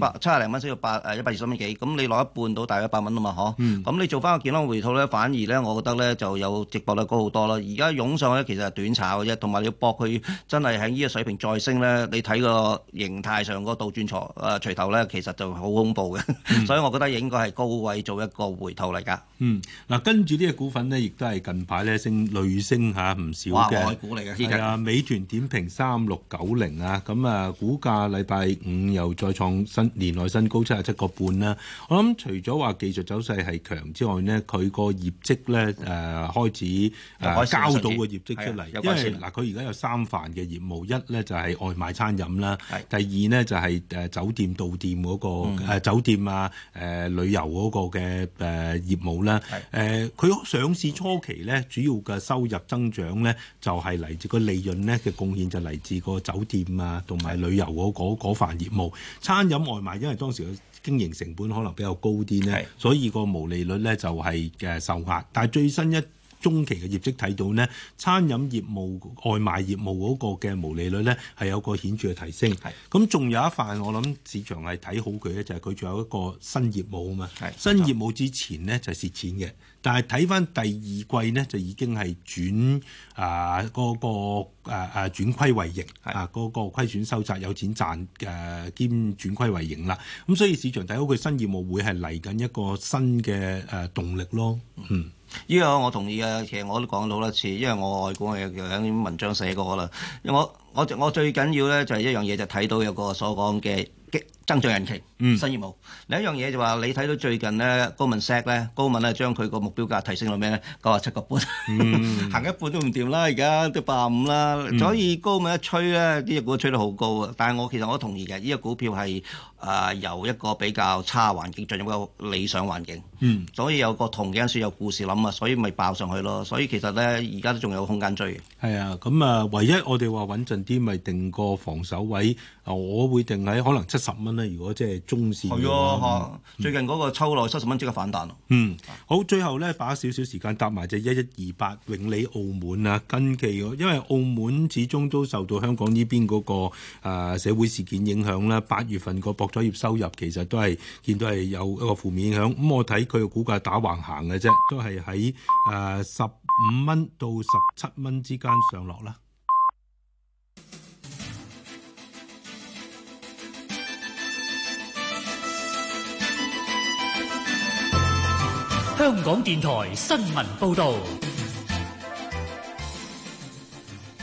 百七廿零蚊升到百誒一百二十蚊幾，咁你攞一半到大約一百蚊啊嘛，嗬？咁你做翻個健康回吐咧，反而咧，我覺得咧就有值博率高好多啦。而家湧上去，其實係短炒嘅啫，同埋你要搏佢真係喺呢個水平再升咧，你睇個形態上個倒轉鎚誒鎚頭咧，其實就好恐怖嘅，所以我覺得應該係高位做一個回吐嚟噶。嗯，嗱跟住呢個股份咧，亦都係近排咧升累升下唔少嘅，係啊，美團點評三六九零啊，咁啊，股價禮拜五又再創年內新高七十七個半啦，我諗除咗話技術走勢係強之外呢，佢個業績呢誒、呃、開始誒、呃、交到個業績出嚟，因為嗱佢而家有三範嘅業務，一呢就係外賣餐飲啦，第二呢就係誒酒店到店嗰、那個、呃、酒店啊誒、呃、旅遊嗰個嘅誒業務啦。誒、呃、佢上市初期呢，主要嘅收入增長呢，就係、是、嚟自個利潤呢嘅貢獻就嚟自個酒店啊同埋旅遊嗰嗰嗰範業務餐飲。外賣，因為當時嘅經營成本可能比較高啲呢，是所以個毛利率呢就係嘅受壓。但係最新一中期嘅業績睇到呢，餐飲業務外賣業務嗰個嘅毛利率呢係有個顯著嘅提升。咁仲是有一塊我諗市場係睇好佢咧，就係佢仲有一個新業務啊嘛。新業務之前呢，就蝕、是、錢嘅。但係睇翻第二季呢，就已經係轉、呃那個那個、啊嗰個誒誒轉虧為盈是的 啊嗰、那個虧損收窄，有錢賺嘅、啊、兼轉虧為盈啦。咁、嗯、所以市場睇到佢新業務會係嚟緊一個新嘅誒動力咯。嗯，呢個我同意呀。其實我都講到一次，因為我外國有篇文章寫過啦。我我我最緊要呢，就係一樣嘢就睇到有個所講嘅嘅，激增長人羣，新業務。嗯、另一樣嘢就話你睇到最近呢，高文 set 咧，高文咧將佢個目標價提升到咩呢？九十七個半，行一半都唔掂啦，而家都八五啦。嗯、所以高文一吹咧，呢隻股票吹得好高啊！但係我其實我同意嘅，呢隻股票係啊、呃，由一個比較差環境進入個理想環境、嗯所想，所以有個同嘅因素有故事諗啊，所以咪爆上去咯。所以其實咧，而家都仲有空間追。係啊，咁啊，唯一我哋話穩陣啲，咪定個防守位，我會定喺可能七十蚊。如果即係中線，係、嗯、最近嗰個抽落七十蚊即刻反彈。嗯，好，最後咧，把少少時間搭埋隻一一二八永利澳門啦。近期因為澳門始終都受到香港呢邊嗰個啊、呃、社會事件影響啦，八月份個博彩業收入其實都係見到係有一個負面影響，咁、嗯、我睇佢嘅股價打橫行嘅啫，都係喺誒十五蚊到十七蚊之間上落啦。香港電台新聞報道：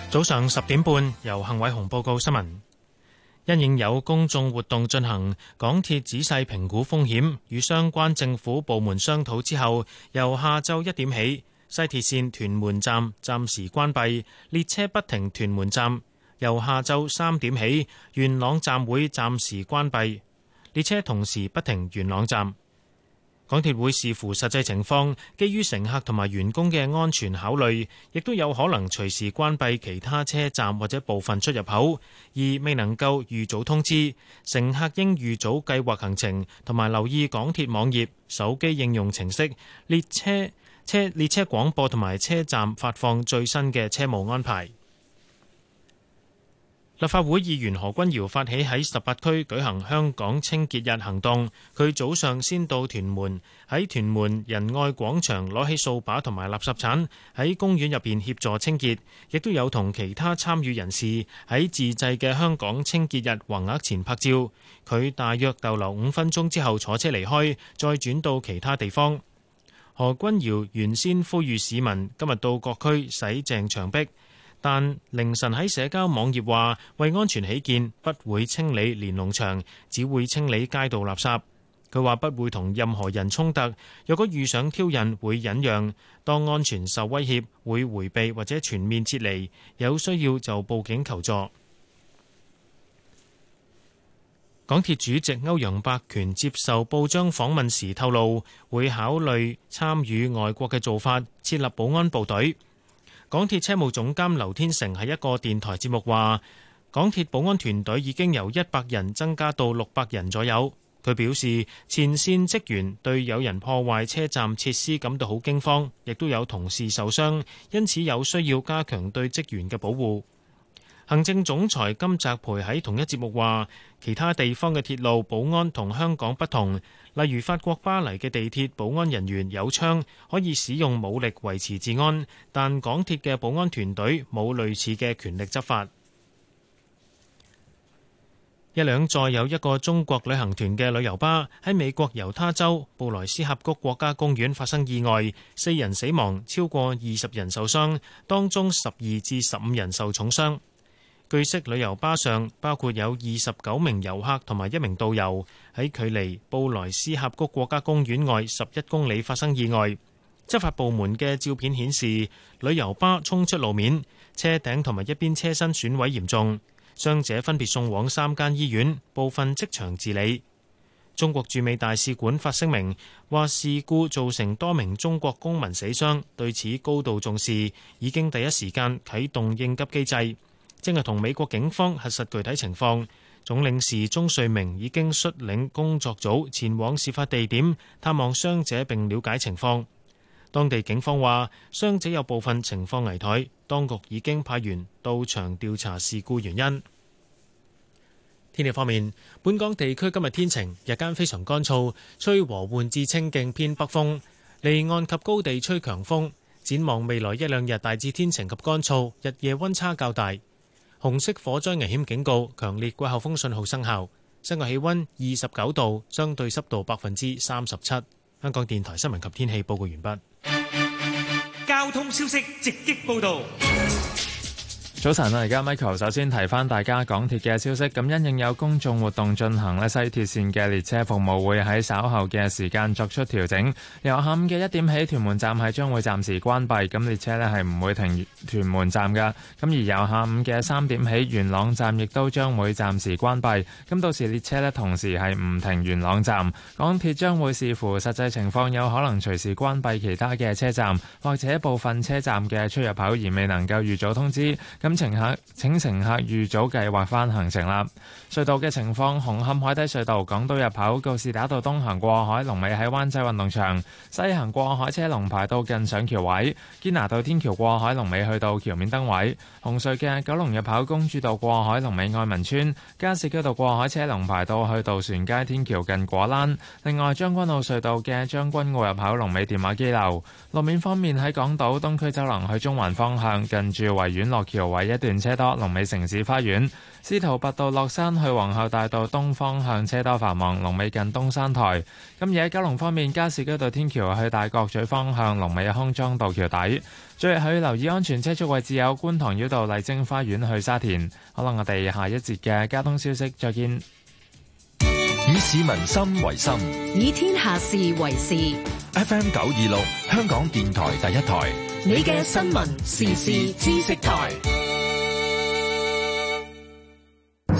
早上十點半，由幸偉雄報告新聞。因應有公眾活動進行，港鐵仔細評估風險，與相關政府部門商討之後，由下晝一點起，西鐵線屯門站暫時關閉，列車不停屯門站；由下晝三點起，元朗站會暫時關閉，列車同時不停元朗站。港鐵會視乎實際情況，基於乘客同埋員工嘅安全考慮，亦都有可能隨時關閉其他車站或者部分出入口，而未能夠預早通知，乘客應預早計劃行程同埋留意港鐵網頁、手機應用程式、列車車列車廣播同埋車站發放最新嘅車務安排。立法會議員何君堯發起喺十八區舉行香港清潔日行動。佢早上先到屯門，喺屯門仁愛廣場攞起掃把同埋垃圾鏟，喺公園入邊協助清潔，亦都有同其他參與人士喺自製嘅香港清潔日橫額前拍照。佢大約逗留五分鐘之後坐車離開，再轉到其他地方。何君堯原先呼籲市民今日到各區洗淨牆壁。但凌晨喺社交網頁話，為安全起見，不會清理連龍場，只會清理街道垃圾。佢話不會同任何人衝突，若果遇上挑釁，會忍讓；當安全受威脅，會迴避或者全面撤離。有需要就報警求助。港鐵主席歐陽伯權接受報章訪問時透露，會考慮參與外國嘅做法，設立保安部隊。港鐵車務總監劉天成喺一個電台節目話，港鐵保安團隊已經由一百人增加到六百人左右。佢表示，前線職員對有人破壞車站設施感到好驚慌，亦都有同事受傷，因此有需要加強對職員嘅保護。行政總裁金澤培喺同一節目話，其他地方嘅鐵路保安同香港不同，例如法國巴黎嘅地鐵保安人員有槍，可以使用武力維持治安，但港鐵嘅保安團隊冇類似嘅權力執法。一輛載有一個中國旅行團嘅旅遊巴喺美國猶他州布萊斯峽谷國家公園發生意外，四人死亡，超過二十人受傷，當中十二至十五人受重傷。據悉，旅遊巴上包括有二十九名遊客同埋一名導遊，喺距離布萊斯峽谷國家公園外十一公里發生意外。執法部門嘅照片顯示，旅遊巴衝出路面，車頂同埋一邊車身損毀嚴重。傷者分別送往三間醫院，部分即場治理。中國駐美大使館發聲明話，事故造成多名中國公民死傷，對此高度重視，已經第一時間啟動應急機制。正係同美國警方核實具體情況。總領事鍾瑞明已經率領工作組前往事發地點探望傷者並了解情況。當地警方話，傷者有部分情況危殆，當局已經派員到場調查事故原因。天氣方面，本港地區今日天晴，日間非常乾燥，吹和緩至清勁偏北風，離岸及高地吹強風。展望未來一兩日，大致天晴及乾燥，日夜温差較大。紅色火災危險警告，強烈季候風信號生效。室外氣溫二十九度，相對濕度百分之三十七。香港電台新聞及天氣報告完畢。交通消息直擊報道。早晨啊！而家 Michael 首先提翻大家港鐵嘅消息。咁因應有公眾活動進行咧，西鐵綫嘅列車服務會喺稍後嘅時間作出調整。由下午嘅一點起，屯門站係將會暫時關閉，咁列車咧係唔會停屯門站噶，咁而由下午嘅三點起，元朗站亦都將會暫時關閉，咁到時列車咧同時，係唔停元朗站。港鐵將會視乎實際情況有可能隨時關閉其他嘅車站或者部分車站嘅出入口，而未能夠預早通知。咁請客，請乘客預早計劃返行程啦。隧道嘅情況：紅磡海底隧道港島入口告士打道東行過海，龍尾喺灣仔運動場；西行過海車龍排到近上橋位。堅拿道天橋過海，龍尾去到橋面燈位。紅隧嘅九龍入口公主道過海，龍尾愛民村；加士居道過海車龍排到去渡船街天橋近果欄。另外，將軍澳隧道嘅將軍澳入口龍尾電話機樓。路面方面喺港島東區走廊去中環方向，近住維園落橋位。一段車多，龍尾城市花園；司徒拔道落山去皇后大道東方向車多繁忙，龍尾近東山台。今日喺九龍方面，加士居道天橋去大角咀方向龍尾康莊道橋底。最後要留意安全車速位置有觀塘繞道麗晶花園去沙田。好啦，我哋下一節嘅交通消息，再見。以市民心為心，以天下事為事。FM 九二六，香港電台第一台。你嘅新聞時事知識台。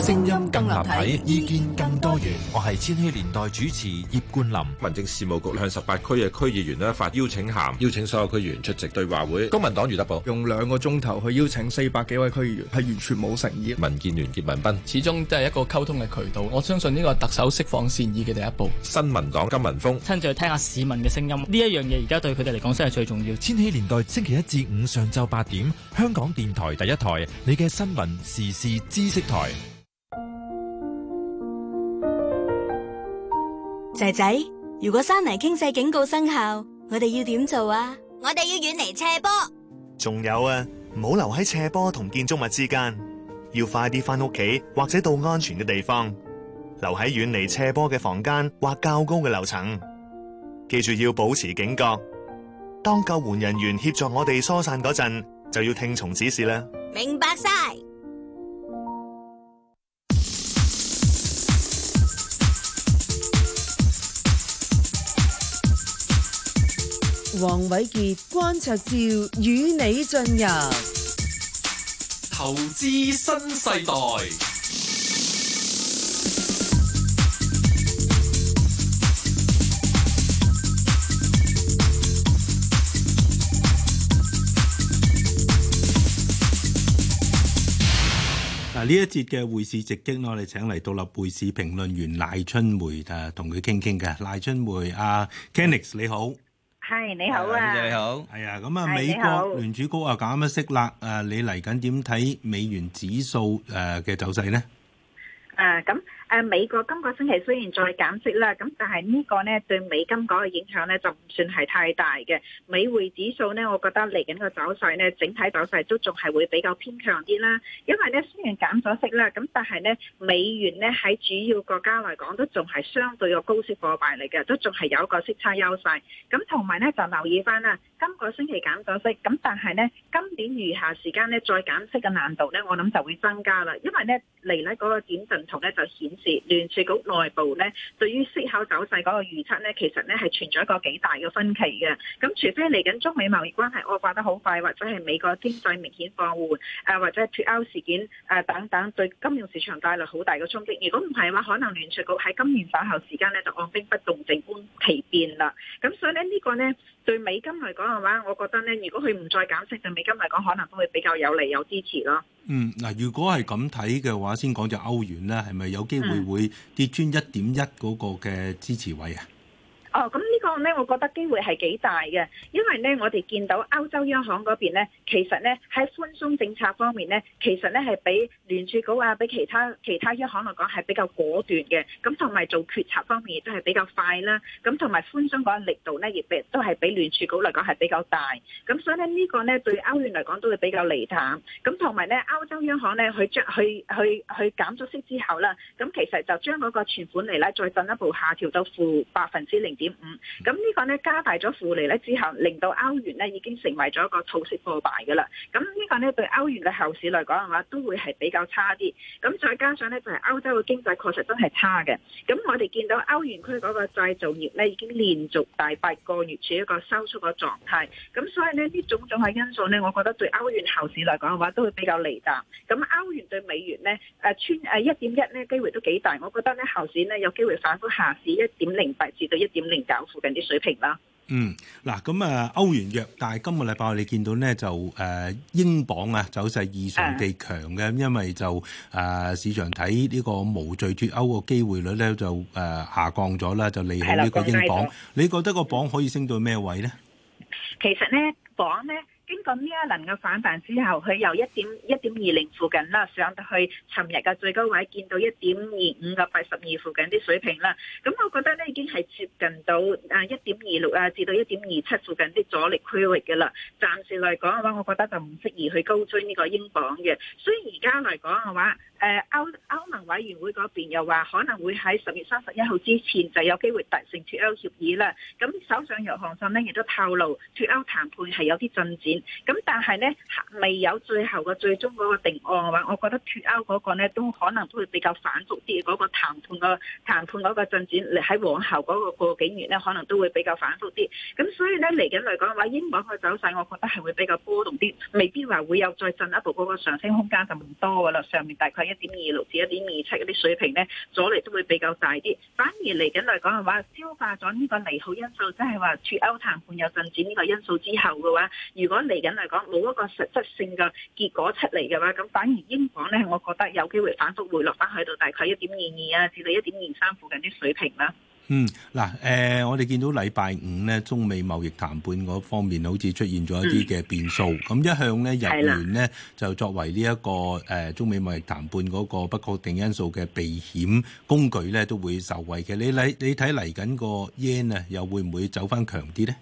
聲音更立體，意見更多元。我係千禧年代主持葉冠霖。民政事務局向十八區嘅區議員咧，發邀請函，邀請所有區議員出席對話會。公民黨余德寶用兩個鐘頭去邀請四百幾位區議員，係完全冇誠意。民建聯葉文斌，始終都係一個溝通嘅渠道。我相信呢個特首釋放善意嘅第一步。新民黨金文峰親自去聽下市民嘅聲音，呢一樣嘢而家對佢哋嚟講真係最重要。千禧年代星期一至五上晝八點，香港電台第一台，你嘅新聞時事知識台。仔仔，如果山泥傾瀉警告生效，我哋要點做啊？我哋要遠離斜坡，仲有啊，唔好留喺斜坡同建築物之間，要快啲返屋企或者到安全嘅地方，留喺遠離斜坡嘅房間或較高嘅樓層。記住要保持警覺，當救援人員協助我哋疏散嗰陣，就要聽從指示啦。明白晒。黃瑋傑、關焯照與你進入投資新世代。嗱，呢一節嘅匯市直擊，我哋請嚟獨立匯市評論員賴春梅，誒，同佢傾傾嘅。賴春梅，阿 Kenneth 你好。係你好啊，啊，你好，係啊，咁、嗯、啊，美國聯儲局啊，減啊息啦，誒，你嚟緊點睇美元指數誒嘅走勢呢？誒、啊、咁、嗯。誒美國今個星期雖然再減息啦，咁但係呢個呢對美金嗰個影響呢就唔算係太大嘅。美匯指數呢，我覺得嚟緊個走勢呢，整體走勢都仲係會比較偏強啲啦。因為呢，雖然減咗息啦，咁但係呢，美元呢喺主要國家嚟講都仲係相對有高息貨幣嚟嘅，都仲係有一個息差優勢。咁同埋呢，就留意翻啦，今個星期減咗息，咁但係呢，今年餘下時間呢，再減息嘅難度呢，我諗就會增加啦。因為呢，嚟呢嗰、那個點陣圖呢就顯。聯儲局內部咧，對於息口走勢嗰個預測咧，其實咧係存在一個幾大嘅分歧嘅。咁、嗯、除非嚟緊中美貿易關係惡化得好快，或者係美國經濟明顯放緩，誒、啊、或者脫歐事件誒、啊、等等，對金融市場帶來好大嘅衝擊。如果唔係嘅話，可能聯儲局喺今年稍後時間咧就按兵不動，靜觀其變啦。咁、嗯、所以咧，呢個咧。對美金嚟講嘅話，我覺得咧，如果佢唔再減息，對美金嚟講，可能都會比較有利，有支持咯。嗯，嗱，如果係咁睇嘅話，先講就歐元啦，係咪有機會會跌穿一點一嗰個嘅支持位啊？哦，咁呢個呢，我覺得機會係幾大嘅，因為呢，我哋見到歐洲央行嗰邊呢，其實呢，喺寬鬆政策方面呢，其實呢，係比聯儲局啊，比其他其他央行嚟講係比較果斷嘅，咁同埋做決策方面亦都係比較快啦，咁同埋寬鬆嗰力度呢，亦都係比聯儲局嚟講係比較大，咁所以呢，呢個呢，對歐元嚟講都會比較離譜，咁同埋呢，歐洲央行呢，佢將佢佢佢減咗息之後啦，咁其實就將嗰個存款利率再進一步下調到負百分之零點五，咁、 嗯這個、呢個咧加大咗負利咧之後，令到歐元咧已經成為咗一個套息貨幣噶啦，咁、嗯。但係咧，對歐元嘅後市嚟講嘅話，都會係比較差啲。咁再加上呢，就係歐洲嘅經濟確實都係差嘅。咁我哋見到歐元區嗰個製造業呢，已經連續大八個月處於一個收縮嘅狀態。咁所以呢，呢種種嘅因素呢，我覺得對歐元後市嚟講嘅話，都會比較利淡。咁歐元對美元呢，誒穿誒一點一呢機會都幾大。我覺得呢，後市呢有機會反復下市，一點零八至到一點零九附近啲水平啦。嗯，嗱，咁啊，歐元弱，但係今個禮拜我哋見到咧就誒、呃、英鎊啊走勢異常地強嘅，因為就誒、呃、市場睇呢個無序脱歐個機會率咧就誒、呃、下降咗啦，就利好呢個英鎊。你覺得個鎊可以升到咩位咧？其實咧，鎊咧。經過呢一輪嘅反彈之後，佢由一點一點二零附近啦，上到去尋日嘅最高位，見到一點二五嘅八十二附近啲水平啦。咁我覺得呢已經係接近到啊一點二六啊，至到一點二七附近啲阻力區域嘅啦。暫時嚟講嘅話，我覺得就唔適宜去高追呢個英鎊嘅。所以而家嚟講嘅話，誒歐歐盟委員會嗰邊又話可能會喺十月三十一號之前就有機會達成脫歐協議啦。咁首相約翰遜呢，亦都透露脫歐談判係有啲進展。咁但係咧未有最後嘅最終嗰個定案嘅話，我覺得脱歐嗰個咧都可能都會比較反覆啲嘅，嗰個談判個談判嗰個進展，嚟喺往後嗰個個幾月咧，可能都會比較反覆啲。咁所以咧嚟緊嚟講嘅話，英國嘅走勢，我覺得係會比較波動啲，未必話會有再進一步嗰個上升空間就唔多嘅啦。上面大概一點二六至一點二七嗰啲水平咧，阻力都會比較大啲。反而嚟緊嚟講嘅話，消化咗呢個利好因素，即係話脱歐談判有進展呢個因素之後嘅話，如果你嚟緊嚟講冇一個實質性嘅結果出嚟嘅話，咁反而英鎊咧，我覺得有機會反覆回落翻去到大概一點二二啊，至到一點二三附近啲水平啦。嗯，嗱，誒，我哋見到禮拜五咧，中美貿易談判嗰方面好似出現咗一啲嘅變數，咁一向咧日元咧就作為呢一個誒中美貿易談判嗰個不確定因素嘅避險工具咧，都會受惠嘅。你睇你睇嚟緊個 yen 啊，又會唔會走翻強啲咧？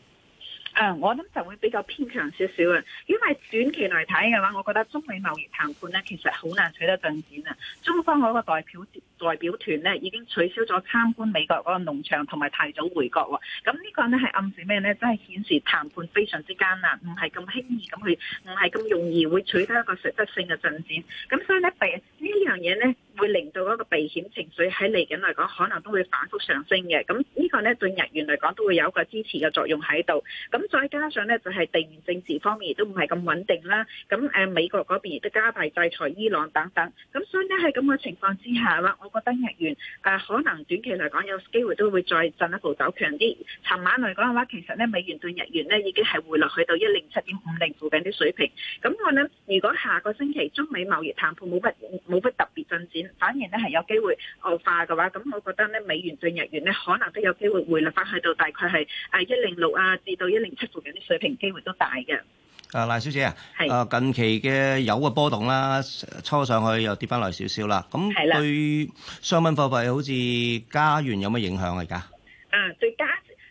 誒，uh, 我諗就會比較偏強少少、啊、啦，因為短期嚟睇嘅話，我覺得中美貿易談判咧，其實好難取得進展啊。中方嗰個代表代表團咧，已經取消咗參觀美國嗰個農場，同埋提早回國。咁呢個咧係暗示咩咧？真係顯示談判非常之艱難，唔係咁輕易咁去，唔係咁容易會取得一個實質性嘅進展。咁所以咧，第、這個、呢樣嘢咧。會令到一個避險情緒喺嚟緊嚟講，可能都會反復上升嘅。咁呢個呢，對日元嚟講，都會有一個支持嘅作用喺度。咁再加上呢，就係、是、地緣政治方面亦都唔係咁穩定啦。咁誒，美國嗰邊亦都加大制裁伊朗等等。咁所以呢，喺咁嘅情況之下啦，我覺得日元誒、啊、可能短期嚟講有機會都會再進一步走強啲。尋晚嚟講嘅話，其實呢，美元對日元呢已經係回落去到一零七點五零附近啲水平。咁我諗如果下個星期中美貿易談判冇乜冇乜特別進展，反而咧係有機會惡化嘅話，咁我覺得咧美元對日元咧可能都有機會匯率翻去到大概係誒一零六啊至到一零七附近啲水平機會都大嘅。啊，賴小姐是啊，誒近期嘅油嘅波動啦，衝上去又跌翻落少少啦。咁對商品貨幣好似加元有乜影響啊而家？啊，對加，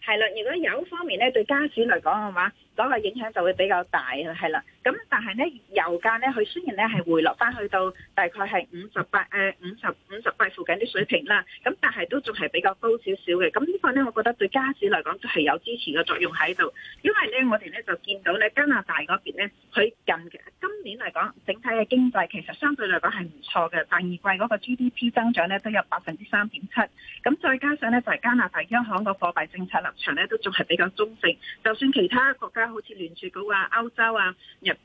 係啦。如果油方面咧對加元嚟講嘅話，嗰、嗰個影響就會比較大啊。係啦。咁但係咧，油價咧，佢雖然咧係回落翻去到大概係五十八誒五十五十塊附近啲水平啦，咁但係都仲係比較高少少嘅。咁呢個咧，我覺得對家市嚟講都係有支持嘅作用喺度。因為咧，我哋咧就見到咧，加拿大嗰邊咧，佢近今年嚟講，整體嘅經濟其實相對嚟講係唔錯嘅。第二季嗰個 GDP 增長咧，都有百分之三點七。咁再加上咧，就係、是、加拿大央行個貨幣政策立場咧，都仲係比較中性。就算其他國家好似聯儲局啊、歐洲啊、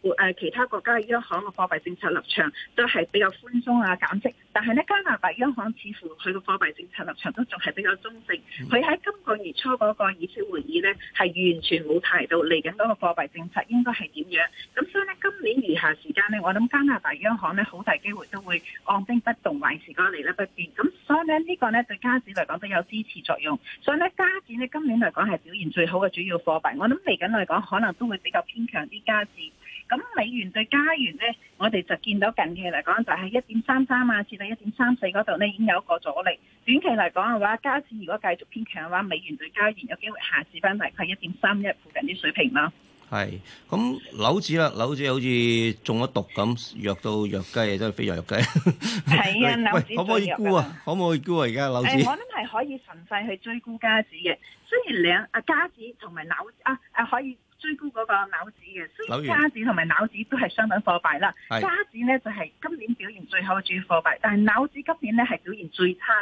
誒，其他國家嘅央行嘅貨幣政策立場都係比較寬鬆啊，減息。但係咧，加拿大央行似乎佢嘅貨幣政策立場都仲係比較中性。佢喺今個月初嗰個議息會議咧，係完全冇提到嚟緊嗰個貨幣政策應該係點樣。咁所以咧，今年餘下時間咧，我諗加拿大央行咧，好大機會都會按兵不動，維持個利率不變。咁所以咧，這個、呢個咧對加紙嚟講都有支持作用。所以咧，加紙咧今年嚟講係表現最好嘅主要貨幣。我諗嚟緊嚟講，可能都會比較偏強啲加紙。咁美元對加元咧，我哋就見到近期嚟講就喺一點三三啊，至到一點三四嗰度咧已經有一個阻力。短期嚟講嘅話，加元如果繼續偏強嘅話，美元對加元有機會下試翻嚟，大概一點三一附近啲水平咯。係，咁紐指啦，紐指好似中咗毒咁，弱到弱雞，真係非常弱雞。係 啊，紐子可唔可以沽啊？可唔可以沽啊？而家紐子，哎、我諗係可以順勢去追沽加子嘅。雖然兩啊加子同埋紐啊，誒、啊、可以。追估嗰個紐紙嘅，所以加紙同埋紐紙都係商品貨幣啦。加紙咧就係、是、今年表現最好嘅主要貨幣，但係紐紙今年咧係表現最差、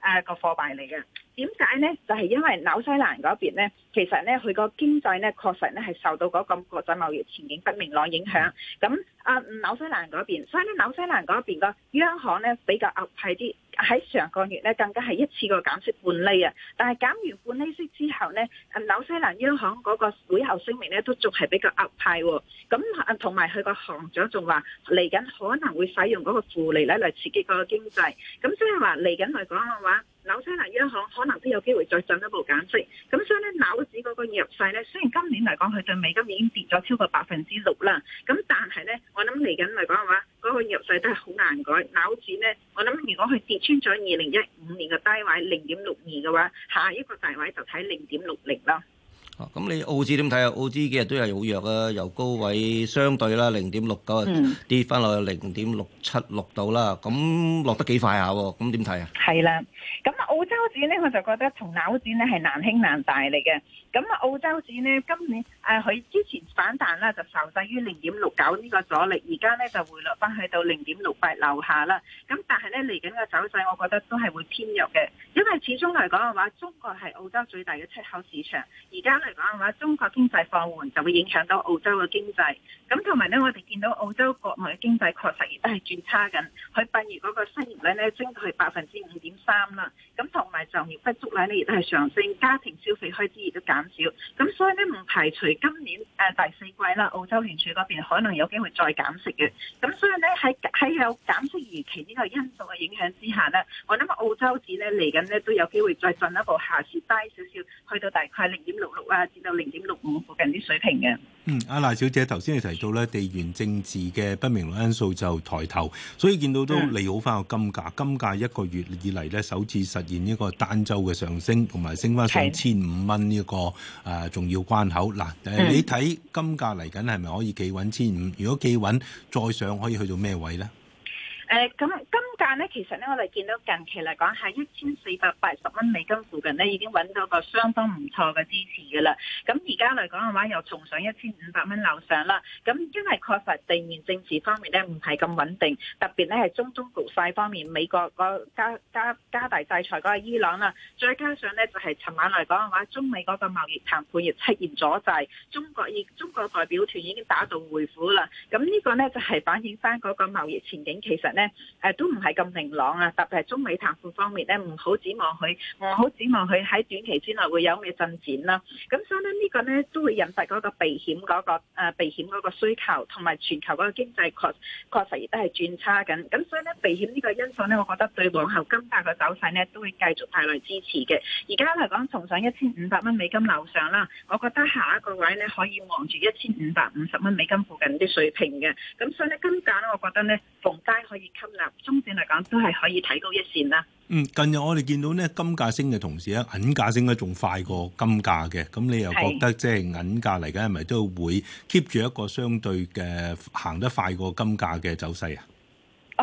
呃、個誒個貨幣嚟嘅。點解咧？就係、是、因為紐西蘭嗰邊咧，其實咧佢個經濟咧確實咧係受到嗰個國際貿易前景不明朗影響咁。嗯啊、uh，紐西蘭嗰邊，所以咧紐西蘭嗰邊個央行咧比較鴿派啲，喺上個月咧更加係一次過減息半厘啊！但係減完半厘息之後咧，紐西蘭央行嗰個會後聲明咧都仲係比較鴿派喎。咁啊，同埋佢個行長仲話嚟緊可能會使用嗰個負利率嚟刺激個經濟。咁即係話嚟緊嚟講嘅話。紐西蘭央行可能都有機會再進一步減息，咁所以咧，紐紙嗰個弱勢咧，雖然今年嚟講佢對美金已經跌咗超過百分之六啦，咁但係咧，我諗嚟緊嚟講嘅話，嗰個弱勢都係好難改。紐紙咧，我諗如果佢跌穿咗二零一五年嘅低位零點六二嘅話，下一個大位就睇零點六零啦。咁、哦、你澳紙點睇啊？澳紙幾日都係好弱啊，由高位相對啦，零點六九啊，跌翻落去零點六七六度啦，咁落得幾快下喎？咁點睇啊？係啦，咁澳洲紙咧，我就覺得同紐紙咧係難兄難弟嚟嘅。咁啊、嗯，澳洲市呢今年誒佢、呃、之前反彈啦，就受制於零點六九呢個阻力，而家呢就回落翻去到零點六八樓下啦。咁但係呢嚟緊嘅走勢，我覺得都係會偏弱嘅，因為始終嚟講嘅話，中國係澳洲最大嘅出口市場。而家嚟講嘅話，中國經濟放緩就會影響到澳洲嘅經濟。咁同埋呢，我哋見到澳洲國內嘅經濟確實亦都係轉差緊，佢畢業嗰個失業率呢，升到去百分之五點三啦。咁同埋就業不足率呢，亦都係上升，家庭消費開支亦都減少。咁，所以咧唔排除今年誒第四季啦，澳洲聯儲嗰邊可能有機會再減息嘅。咁所以咧喺，喺有減息預期呢個因素嘅影響之下呢，我諗澳洲指咧嚟緊呢都有機會再進一步下試低少少，去到大概零點六六啊，至到零點六五附近啲水平嘅。嗯，阿娜小姐頭先你提到呢地緣政治嘅不明朗因素就抬頭，所以見到都利好翻個金價。金價一個月以嚟呢，首次實現呢個單周嘅上升，同埋升翻上千五蚊呢一個誒、重、啊、要關口嗱，誒、啊嗯啊，你睇金價嚟緊係咪可以企穩千五？如果企穩再上，可以去到咩位咧？誒、啊，咁、嗯、今。嗯但咧，其實咧，我哋見到近期嚟講喺一千四百八十蚊美金附近呢，已經揾到個相當唔錯嘅支持嘅啦。咁而家嚟講嘅話，又重上一千五百蚊樓上啦。咁因為確實地緣政治方面呢，唔係咁穩定，特別呢係中東局勢方面，美國個加加加大制裁嗰個伊朗啦，再加上呢，就係尋晚嚟講嘅話，中美嗰個貿易談判亦出現阻滯，中國以中國代表團已經打道回府啦。咁呢個呢，就係反映翻嗰個貿易前景其實呢，誒都唔係，咁明朗啊！特別係中美談判方面咧，唔好指望佢，唔好指望佢喺短期之內會有咩進展啦、啊。咁所以呢，呢、這個呢都會引發嗰個避險嗰、那個、啊、避險嗰個需求，同埋全球嗰個經濟確確實亦都係轉差緊。咁所以呢，避險呢個因素呢，我覺得對往後金價嘅走勢呢，都會繼續帶來支持嘅。而家嚟講，重上一千五百蚊美金樓上啦，我覺得下一個位呢，可以望住一千五百五十蚊美金附近啲水平嘅。咁所以呢，金價咧，我覺得呢，逢低可以吸納，中線嚟。咁都係可以睇高一線啦。嗯，近日我哋見到咧金價升嘅同時咧，銀價升得仲快過金價嘅，咁你又覺得即係銀價嚟緊係咪都會 keep 住一個相對嘅行得快過金價嘅走勢啊？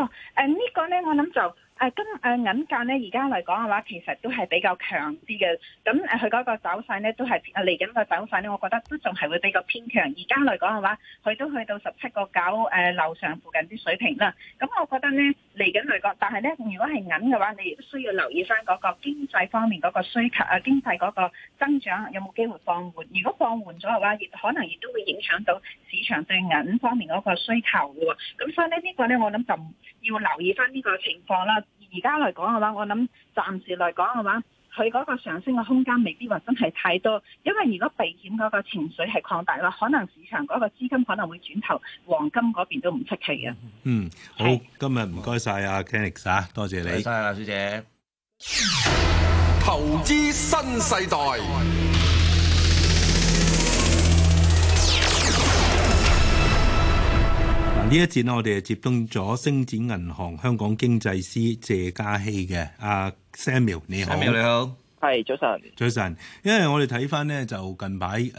哦，誒，呢個咧我諗就。咁誒銀價咧，而家嚟講嘅話，其實都係比較強啲嘅。咁誒佢嗰個走勢咧，都係嚟緊個走勢咧，我覺得都仲係會比較偏強。而家嚟講嘅話，佢都去到十七個九誒樓上附近啲水平啦。咁我覺得咧嚟緊嚟講，但係咧如果係銀嘅話，你亦都需要留意翻嗰個經濟方面嗰個需求啊，經濟嗰個增長有冇機會放緩？如果放緩咗嘅話，亦可能亦都會影響到市場對銀方面嗰個需求嘅喎。咁所以呢，呢個、呢個咧，我諗就要留意翻呢個情況啦。而家嚟講嘅話，我諗暫時嚟講嘅話，佢嗰個上升嘅空間未必話真係太多，因為如果避險嗰個情緒係擴大嘅話，可能市場嗰個資金可能會轉投黃金嗰邊都唔出奇嘅。嗯，好，今日唔該晒阿 Kenix 啊，多謝你，唔該曬小姐。投資新世代。呢一節呢，我哋係接通咗星展銀行香港經濟師謝嘉希嘅，阿 Samuel，你好。Samuel 你好。Samuel，你好係早晨，早晨，因為我哋睇翻呢，就近排誒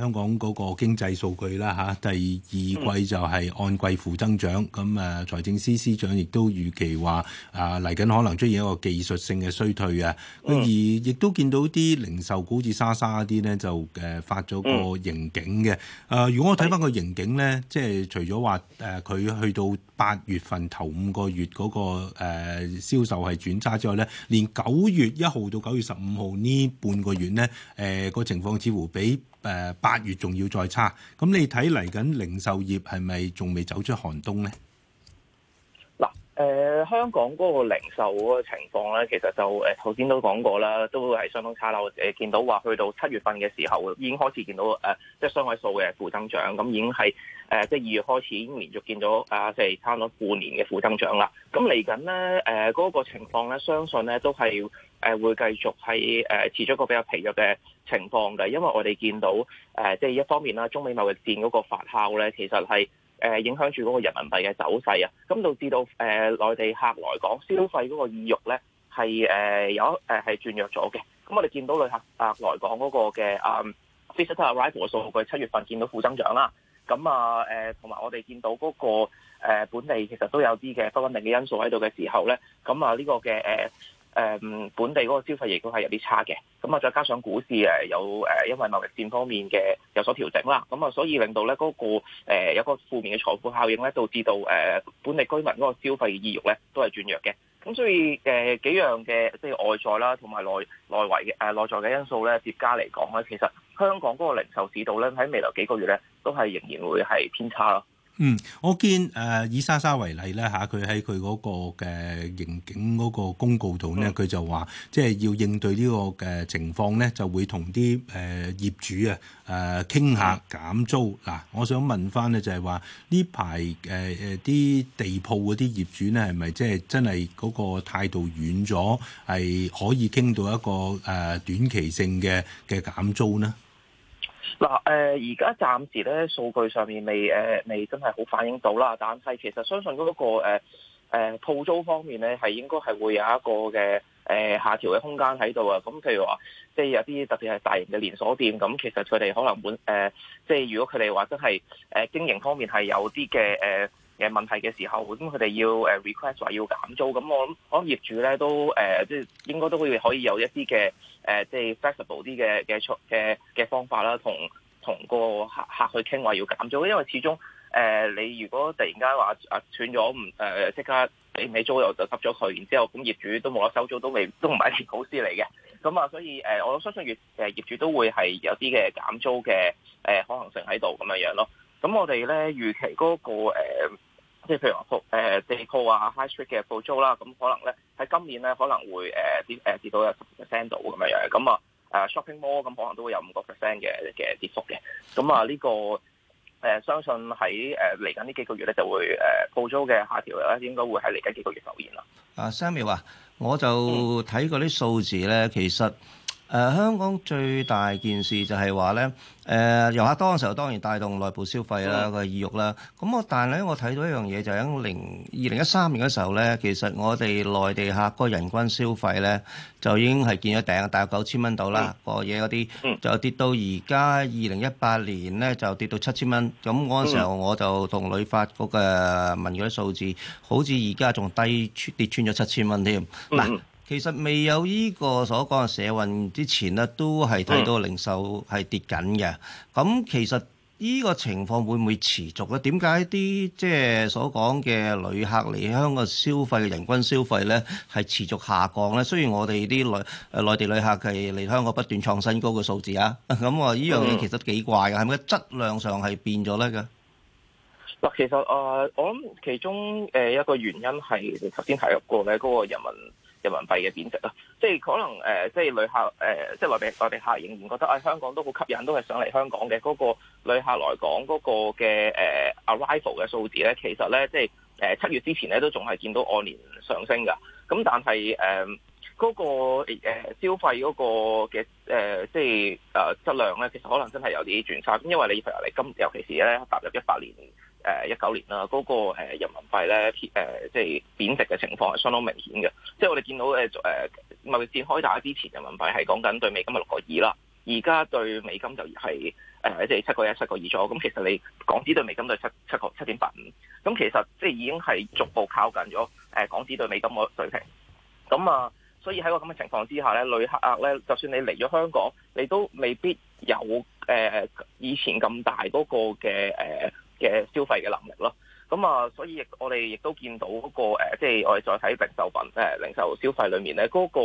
香港嗰個經濟數據啦吓，第二季就係按季負增長，咁誒財政司司長亦都預期話啊嚟緊可能出現一個技術性嘅衰退啊，而亦都見到啲零售股好似莎莎啲呢就誒發咗個盈警嘅，誒如果我睇翻個盈警呢，即係除咗話誒佢去到八月份頭五個月嗰個誒銷售係轉差之外咧，連九月一號到九月十五五號呢半個月呢誒個情況似乎比誒八月仲要再差。咁你睇嚟緊零售業係咪仲未走出寒冬呢？嗱，誒香港嗰個零售嗰個情況咧，其實就誒頭先都講過啦，都係相當差啦。誒我見到話去到七月份嘅時候已經開始見到誒即係雙位數嘅負增長，咁已經係誒即係二月開始已經連續見到啊，即係差唔多半年嘅負增長啦。咁嚟緊呢，誒嗰個情況咧，相信咧都係。誒會繼續係誒持續一個比較疲弱嘅情況嘅，因為我哋見到誒即係一方面啦，中美貿易戰嗰個發酵咧，其實係誒影響住嗰個人民幣嘅走勢啊。咁導致到誒內地客來港消費嗰個意欲咧係誒有誒係轉弱咗嘅。咁我哋見到旅客客來港嗰個嘅啊 visitor arrival 嘅數據七月份見到負增長啦。咁啊誒同埋我哋見到嗰個誒本地其實都有啲嘅不穩定嘅因素喺度嘅時候咧，咁啊呢個嘅誒。誒本地嗰個消費亦都係有啲差嘅，咁啊再加上股市誒有誒因為貿易戰方面嘅有所調整啦，咁啊所以令到咧嗰個誒有個負面嘅財富效應咧，導致到誒本地居民嗰個消費意欲咧都係轉弱嘅，咁所以誒幾樣嘅即係外在啦，同埋內內圍誒內在嘅因素咧疊加嚟講咧，其實香港嗰個零售市道咧喺未來幾個月咧都係仍然會係偏差咯。嗯，我見誒、呃、以莎莎為例咧嚇，佢喺佢嗰個嘅盈警嗰個公告度咧，佢、嗯、就話即係要應對呢個嘅情況咧，就會同啲誒業主啊誒傾下減租。嗱、啊，我想問翻咧就係話呢排誒誒啲地鋪嗰啲業主咧，係咪即係真係嗰個態度軟咗，係可以傾到一個誒、呃、短期性嘅嘅減租咧？嗱，誒而家暫時咧數據上面未誒未真係好反映到啦，但係其實相信嗰、那、一個誒鋪、啊啊、租方面咧，係應該係會有一個嘅誒、啊、下調嘅空間喺度啊。咁譬如話，即係有啲特別係大型嘅連鎖店，咁其實佢哋可能本誒、啊，即係如果佢哋話真係誒、啊、經營方面係有啲嘅誒。啊嘅問題嘅時候，咁佢哋要誒 request 話要減租，咁我諗我諗業主咧都誒，即、呃、係應該都可以有一啲嘅誒，即係 flexible 啲嘅嘅措嘅嘅方法啦，同同個客客去傾話要減租，因為始終誒、呃、你如果突然間話啊斷咗唔誒，即、呃、刻俾唔起租又就執咗佢，然之後咁業主都冇得收租，都未都唔係一件好事嚟嘅。咁啊，所以誒、呃，我相信業誒業主都會係有啲嘅減租嘅誒可能性喺度咁樣樣咯。咁我哋咧預期嗰、那個、呃呃即係譬如鋪誒地鋪啊、high street 嘅鋪租啦，咁可能咧喺今年咧可能會誒跌誒跌到有十 percent 到咁樣樣，咁啊誒 shopping mall 咁可能都會有五個 percent 嘅嘅跌幅嘅，咁啊呢、呢個誒、呃、相信喺誒嚟緊呢幾個月咧就會誒鋪租嘅下調咧應該會喺嚟緊幾個月出現啦。啊 Sammy 話，我就睇過啲數字咧，嗯、其實。誒、呃、香港最大件事就係話咧，誒、呃、遊客多嘅時候當然帶動內部消費啦個、嗯、意欲啦。咁我但係咧，我睇到一樣嘢就喺零二零一三年嘅時候咧，其實我哋內地客個人均消費咧就已經係見咗頂，大概九千蚊到啦，過夜嗰啲就跌到而家二零一八年咧就跌到七千蚊。咁嗰時候我就同旅發局嘅問嗰啲數字，好似而家仲低跌穿咗七千蚊添。嗱、嗯嗯嗯其實未有呢個所講嘅社運之前咧，都係睇到零售係跌緊嘅。咁、嗯、其實呢個情況會唔會持續咧？點解啲即係所講嘅旅客嚟香港消費嘅人均消費咧係持續下降咧？雖然我哋啲內誒內地旅客係嚟香港不斷創新高嘅數字啊。咁話呢樣嘢其實幾怪嘅，係咪質量上係變咗咧？噶嗱、嗯，嗯、其實誒、呃，我諗其中誒一個原因係你頭先提及過咧，嗰個人民人民幣嘅貶值咯，即係可能誒、呃，即係旅客誒、呃，即係內地內地客仍然覺得啊、哎，香港都好吸引，都係上嚟香港嘅嗰、那個旅客來港嗰個嘅誒、呃、arrival 嘅數字咧，其實咧，即係誒七月之前咧都仲係見到按年上升㗎，咁但係誒嗰個、呃、消費嗰個嘅誒、呃、即係誒質量咧，其實可能真係有啲轉差，因為你譬如今，尤其是咧踏入一八年。誒一九年啦，嗰、那個人民幣咧，誒即係貶值嘅情況係相當明顯嘅。即係我哋見到誒誒，貿易戰開打之前，人民幣係講緊對美金係六個二啦。而家對美金就係誒即係七個一、七個二咗。咁其實你港紙對美金都係七七個七點八五。咁其實即係已經係逐步靠近咗誒港紙對美金個水平。咁啊，所以喺個咁嘅情況之下咧，旅客咧，就算你嚟咗香港，你都未必有誒、呃、以前咁大嗰個嘅誒。呃嘅消費嘅能力咯，咁啊，所以亦我哋亦都見到嗰、那個即係我哋再睇零售品誒零售消費裏面咧，嗰、那個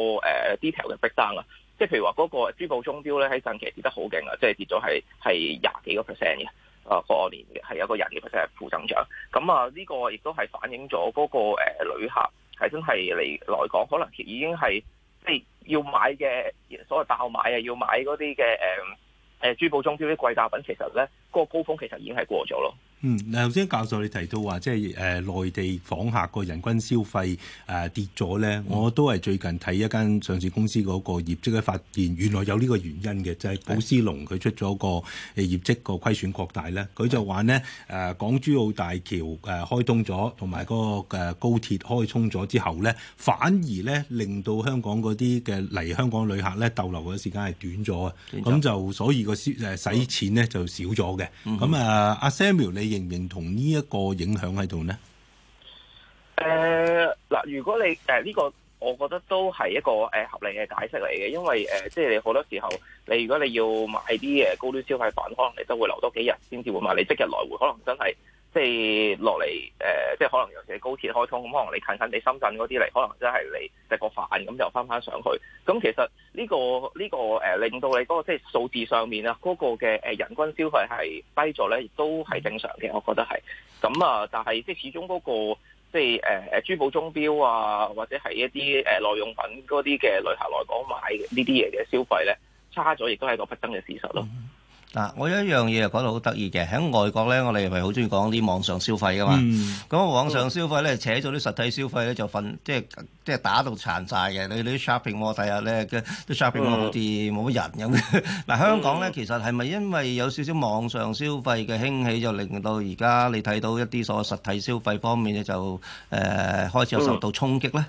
detail 嘅 break 啊，呃、down，即係譬如話嗰個珠寶鐘錶咧喺近期跌得好勁啊，即係跌咗係係廿幾個 percent 嘅，啊過年嘅係有個廿幾個 percent 係負增長，咁啊呢個亦都係反映咗嗰、那個、呃、旅客係真係嚟來，來港，可能已經係即係要買嘅所謂爆買啊，要買嗰啲嘅誒。呃誒珠寶鐘表啲貴價品，其實咧嗰、那個高峰其實已經係過咗咯。嗯，嗱，頭先教授你提到話，即係誒內地訪客個人均消費誒，呃，跌咗咧，我都係最近睇一間上市公司嗰個業績嘅發現，原來有呢個原因嘅，古就係堡獅龍佢出咗個誒業績個虧損擴大咧，佢就話呢，誒，呃，港珠澳大橋誒，呃，開通咗，同埋嗰個高鐵開通咗之後咧，反而咧令到香港嗰啲嘅嚟香港旅客咧逗留嘅時間係短咗嘅，咁實、嗯、就所以個誒使錢咧就少咗嘅，咁、嗯嗯嗯、啊阿、啊、Samuel 你？認唔認同呢一個影響喺度呢？誒，嗱，如果你誒呢、呃這個，我覺得都係一個誒、呃、合理嘅解釋嚟嘅，因為誒、呃，即係你好多時候，你如果你要買啲誒高端消費品，可能你都會留多幾日先至會買，你即日來回可能真係。即係落嚟，誒、呃，即係可能尤其是高鐵開通，咁可能你近近地深圳嗰啲嚟，可能真係嚟食個飯咁又翻翻上去。咁其實呢、這個呢、這個誒、呃，令到你嗰、那個即係數字上面啊，嗰、那個嘅誒人均消費係低咗咧，亦都係正常嘅，我覺得係。咁啊，但係即係始終嗰、那個即係誒誒珠寶鐘錶啊，或者係一啲誒耐用品嗰啲嘅旅客來講買呢啲嘢嘅消費咧，差咗亦都係一個不爭嘅事實咯。嗱，我有一樣嘢又講到好得意嘅，喺外國咧，我哋係咪好中意講啲網上消費㗎嘛？咁網上消費咧，扯咗啲實體消費咧，就瞓即係即係打到殘晒嘅。你你 shopping 喎，第日咧嘅都 shopping 喎，好似冇乜人咁。嗱，香港咧其實係咪因為有少少網上消費嘅興起，就令到而家你睇到一啲所謂實體消費方面咧，就誒開始有受到衝擊咧？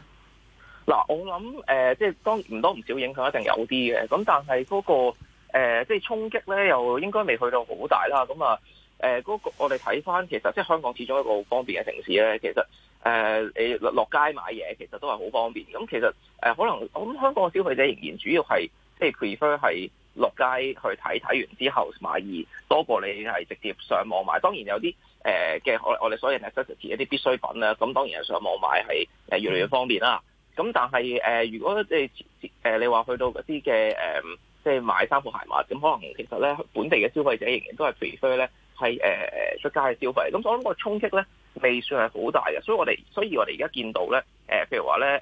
嗱，我諗誒，即係當唔多唔少影響一定有啲嘅，咁但係嗰個。誒、呃，即係衝擊咧，又應該未去到好大啦。咁、嗯、啊，誒，嗰個我哋睇返，其實即係香港始終一個好方便嘅城市咧。其實，誒、呃，你落落街買嘢、嗯，其實都係好方便。咁其實，誒，可能我諗、嗯、香港嘅消費者仍然主要係即係、就是、prefer 係落街去睇，睇完之後買，而多過你係直接上網買。當然有啲誒嘅，我我哋所謂 necessity 一啲必需品咧，咁當然係上網買係誒越嚟越方便啦。咁、嗯、但係誒、呃，如果、呃、你誒你話去到嗰啲嘅誒。嗯即係買衫褲鞋襪，咁可能其實咧，本地嘅消費者仍然都係肥 r e 咧係誒誒出街嘅消費，咁所以我諗個衝擊咧未算係好大嘅，所以我哋所以我哋而家見到咧，誒譬如話咧，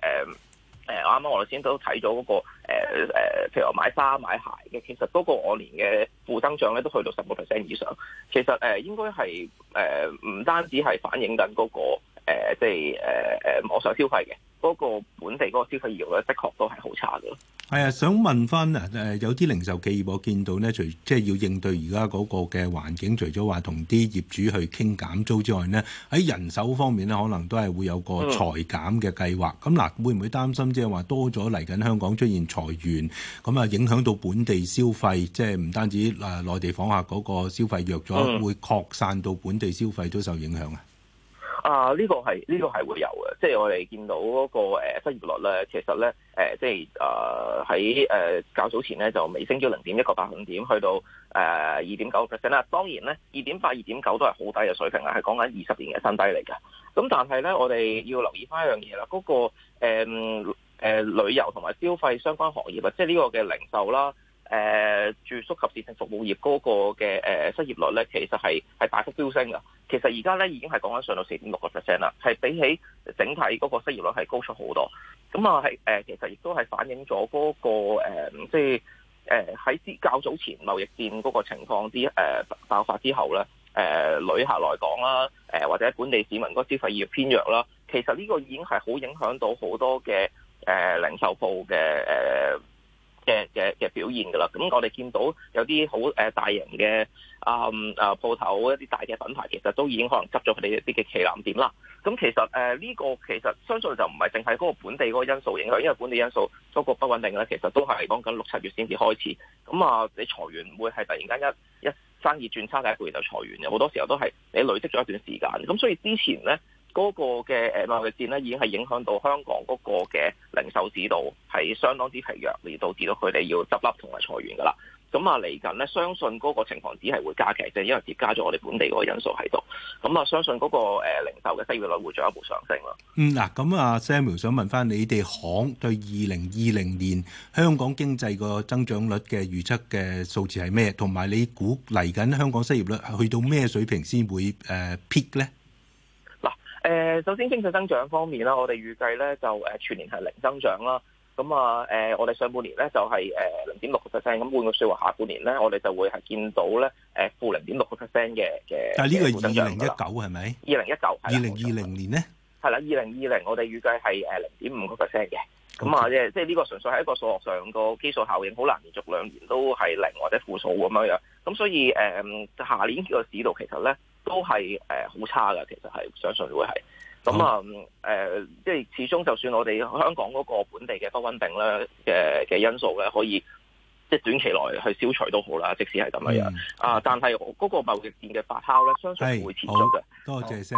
誒誒我啱啱我哋先都睇咗嗰個誒譬如話買衫買鞋嘅，其實嗰個我年嘅負增長咧都去到十個 percent 以上，其實誒應該係誒唔單止係反映緊嗰、那個。誒、呃，即係誒誒，網、呃、上、呃、消費嘅嗰個本地嗰個消費業咧，的確都係好差嘅。係啊，想問翻啊，誒，有啲零售企業我見到呢，除即係要應對而家嗰個嘅環境，除咗話同啲業主去傾減租之外呢，喺人手方面呢，可能都係會有個裁減嘅計劃。咁嗱、嗯，會唔會擔心即係話多咗嚟緊香港出現裁員，咁啊影響到本地消費？即係唔單止啊，內地訪客嗰個消費弱咗，嗯、會擴散到本地消費都受影響啊？啊！呢、呢個係呢、呢個係會有嘅，即係我哋見到嗰個失業率咧，其實咧誒即係啊喺誒較早前咧就微升咗零點一個百分點，去到誒二點九 percent 啦。當然咧，二點八、二點九都係好低嘅水平啊，係講緊二十年嘅新低嚟嘅。咁但係咧，我哋要留意翻一樣嘢啦，嗰、嗰個誒、呃呃呃、旅遊同埋消費相關行業啊，即係呢個嘅零售啦。誒住宿及膳食服務業嗰個嘅誒失業率咧，其實係係大幅飆升噶。其實而家咧已經係講緊上到四點六個 percent 啦，係比起整體嗰個失業率係高出好多。咁啊係誒，其實亦都係反映咗嗰個即係誒喺啲較早前貿易戰嗰個情況之誒爆發之後咧，誒旅客嚟講啦，誒或者本地市民嗰消費業偏弱啦，其實呢個已經係好影響到好多嘅誒零售鋪嘅誒，嘅嘅嘅表現㗎啦，咁我哋見到有啲好誒大型嘅、嗯、啊誒鋪頭一啲大嘅品牌，其實都已經可能執咗佢哋一啲嘅旗艦店啦。咁其實誒呢、呃這個其實相信就唔係淨係嗰個本地嗰個因素影響，因為本地因素嗰個不穩定咧，其實都係講緊六七月先至開始。咁啊，你裁員唔會係突然間一一生意轉差第一個月就裁員嘅，好多時候都係你累積咗一段時間。咁所以之前咧，嗰個嘅誒貿易戰咧，已經係影響到香港嗰個嘅零售市道係相當之疲弱，而導致到佢哋要執笠同埋裁員噶啦。咁啊，嚟緊呢，相信嗰個情況只係會加劇啫，因為疊加咗我哋本地嗰個因素喺度。咁啊，相信嗰、個、呃、零售嘅失業率會進一步上升咯。嗯，嗱，咁啊，Samuel 想問翻你哋行對二零二零年香港經濟個增長率嘅預測嘅數字係咩？同埋你估嚟緊香港失業率去到咩水平先會誒 peak 呢？誒，首先經濟增長方面啦，我哋預計咧就誒全年係零增長啦。咁啊，誒我哋上半年咧就係誒零點六個 percent。咁換個說話，下半年咧我哋就會係見到咧誒負零點六個 percent 嘅嘅。但係呢個係二零一九係咪？二零一九，二零二零年咧係啦，二零二零我哋預計係誒零點五個 percent 嘅。咁啊，即即係呢個純粹係一個數學上個基數效應，好難連續兩年都係零或者負數咁樣樣。咁所以誒嗯、下年個市道其實咧。都係誒好差嘅，其實係相信會係咁啊，誒即係始終就算我哋香港嗰個本地嘅不穩定咧嘅嘅因素咧，可以即係短期內去消除都好啦，即使係咁樣、嗯、啊，但係嗰個貿易戰嘅發酵咧，相信會持續嘅。多謝先。